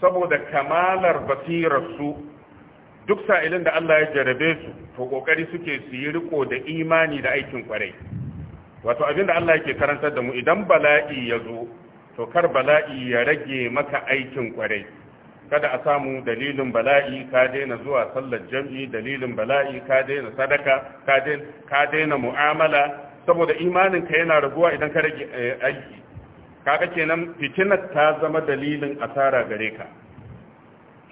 saboda kamalar basirarsu duk sa'ilin da Allah ya jarabe su to kokari suke su yi riko da imani da aikin kwarai wato abin da Allah yake karantar da mu idan bala'i ya zo to kar bala'i ya rage maka aikin kwarai kada a samu dalilin bala'i ka daina zuwa sallar jam'i dalilin bala'i ka daina sadaka ka daina mu'amala saboda imaninka yana raguwa idan ka rage eh, aiki kaga kenan fitinar ta zama dalilin asara gare ka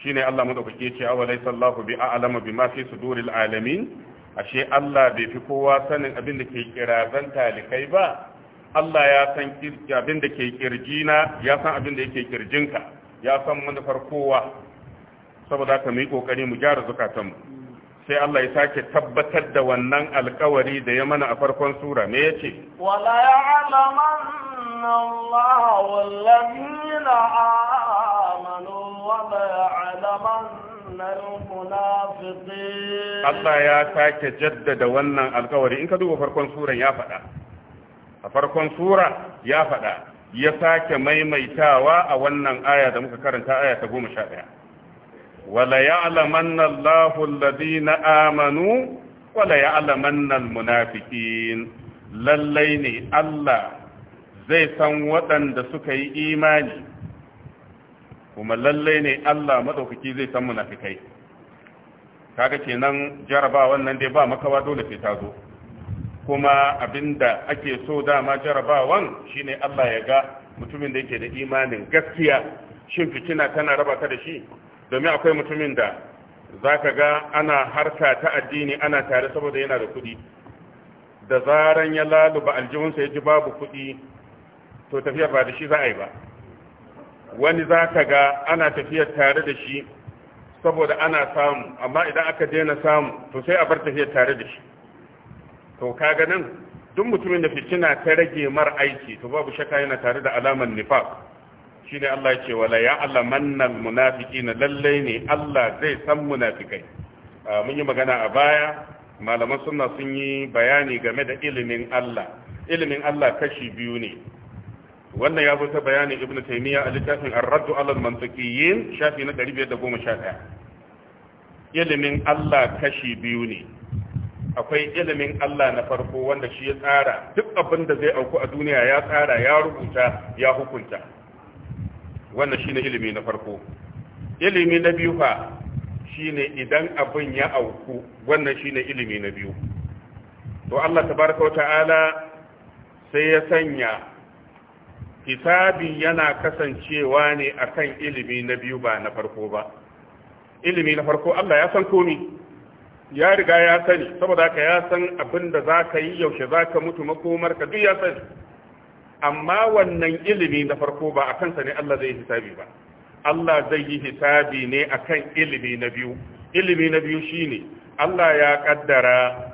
shine Allah madaukake ya ce awalai sallahu bi a'lamu bima fi suduril alamin ashe Allah bai fi kowa sanin abin da ke kirazan talikai ba Allah ya san abin da ke kirjina ya san abin da yake kirjinka ya san manufar kowa saboda ka mu yi kokari mu gyara zukatanmu sai Allah ya sake tabbatar da wannan alkawari da ya mana a farkon sura me yace wala ya'lamanna Allahu wallazina amanu wa la ya'lamanna al-munafiqin Allah ya sake jaddada wannan alkawari in ka duba farkon suran ya faɗa a farkon sura ya faɗa ya sake maimaitawa a wannan aya da muka karanta aya ta goma sha ɗaya. wala ya'lamanna Allahu na amanu wala ya'lamanna almunafiqin lallai ne Allah zai san waɗanda suka yi imani kuma lallai ne Allah madaukaki zai san munafikai kaga kenan jaraba wannan dai ba makawa dole sai ta zo kuma abinda ake so dama jarabawan shine Allah ya ga mutumin da yake da imanin gaskiya shin fitina tana raba ka da shi domin akwai mutumin da za ka ga ana harka ta addini ana tare saboda yana da kuɗi da zaran ya laluba aljihunsa ya ji babu kuɗi to tafiyar ba da shi za a yi ba wani za ka ga ana tafiyar tare da shi saboda ana samu amma idan aka daina samu to sai a bar tafiyar tare da shi to kaga nan duk mutumin da fitina ta rage mara aiki to babu shaka yana tare da alamar nifaq ne Allah yake wala munafiki na lallai ne Allah zai san munafikai mun yi magana a baya malaman sunna sun yi bayani game da ilimin Allah ilimin Allah kashi biyu ne wannan ya ta bayanin ibn taymiya a littafin ar-raddu ala al-mantiqiyyin shafi na 511 ilimin Allah kashi biyu ne akwai ilimin Allah na farko wanda shi ya tsara duk abin da zai auku a duniya ya tsara ya rubuta ya hukunta wannan shine ilimi na farko ilimi na biyu fa shine idan abin ya auku wannan shine ilimi na biyu to Allah tabaraka wa ta'ala sai ya sanya hisabi yana kasancewa ne akan ilimi na biyu ba na farko ba ilimi na farko Allah ya san komi ya riga ya sani saboda ka ya san abin da za ka yi yaushe za ka mutu makomarka duk ya sani amma wannan ilimi na farko ba a kansa ne Allah zai hisabi ba Allah zai yi hisabi ne akan ilimi na biyu ilimi na biyu shine Allah ya kaddara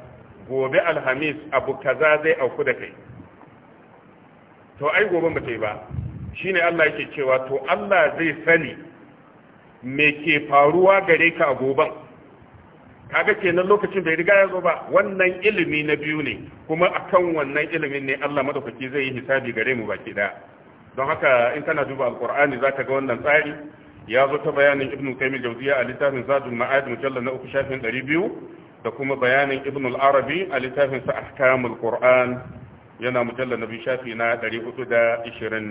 gobe alhamis abu kaza zai auku da kai to ai gobe ba kai ba shine Allah yake cewa to Allah zai sani me ke faruwa gare ka a goben kaga kenan lokacin bai riga ya zo ba wannan ilimi na biyu ne kuma akan wannan ilimin ne Allah madaukaki zai yi hisabi gare mu baki daya don haka in kana duba alqur'ani zaka ga wannan tsari ya zo ta bayanin ibnu qayyim jawziya a littafin zadul ma'ad mujallal na uku shafin 200 da kuma bayanin ibnu al-arabi a littafin sa ahkamul qur'an yana mujallal na shafi na 429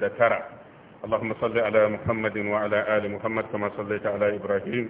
اللهم صل على محمد وعلى آل محمد كما صليت على إبراهيم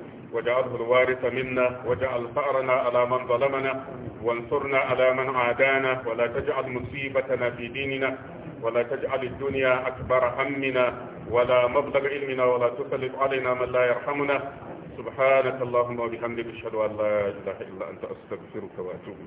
وجعله الوارث منا وجعل ثأرنا على من ظلمنا وانصرنا على من عادانا ولا تجعل مصيبتنا في ديننا ولا تجعل الدنيا أكبر همنا ولا مبلغ علمنا ولا تسلط علينا من لا يرحمنا سبحانك اللهم وبحمدك اشهد ان لا اله الا انت استغفرك واتوب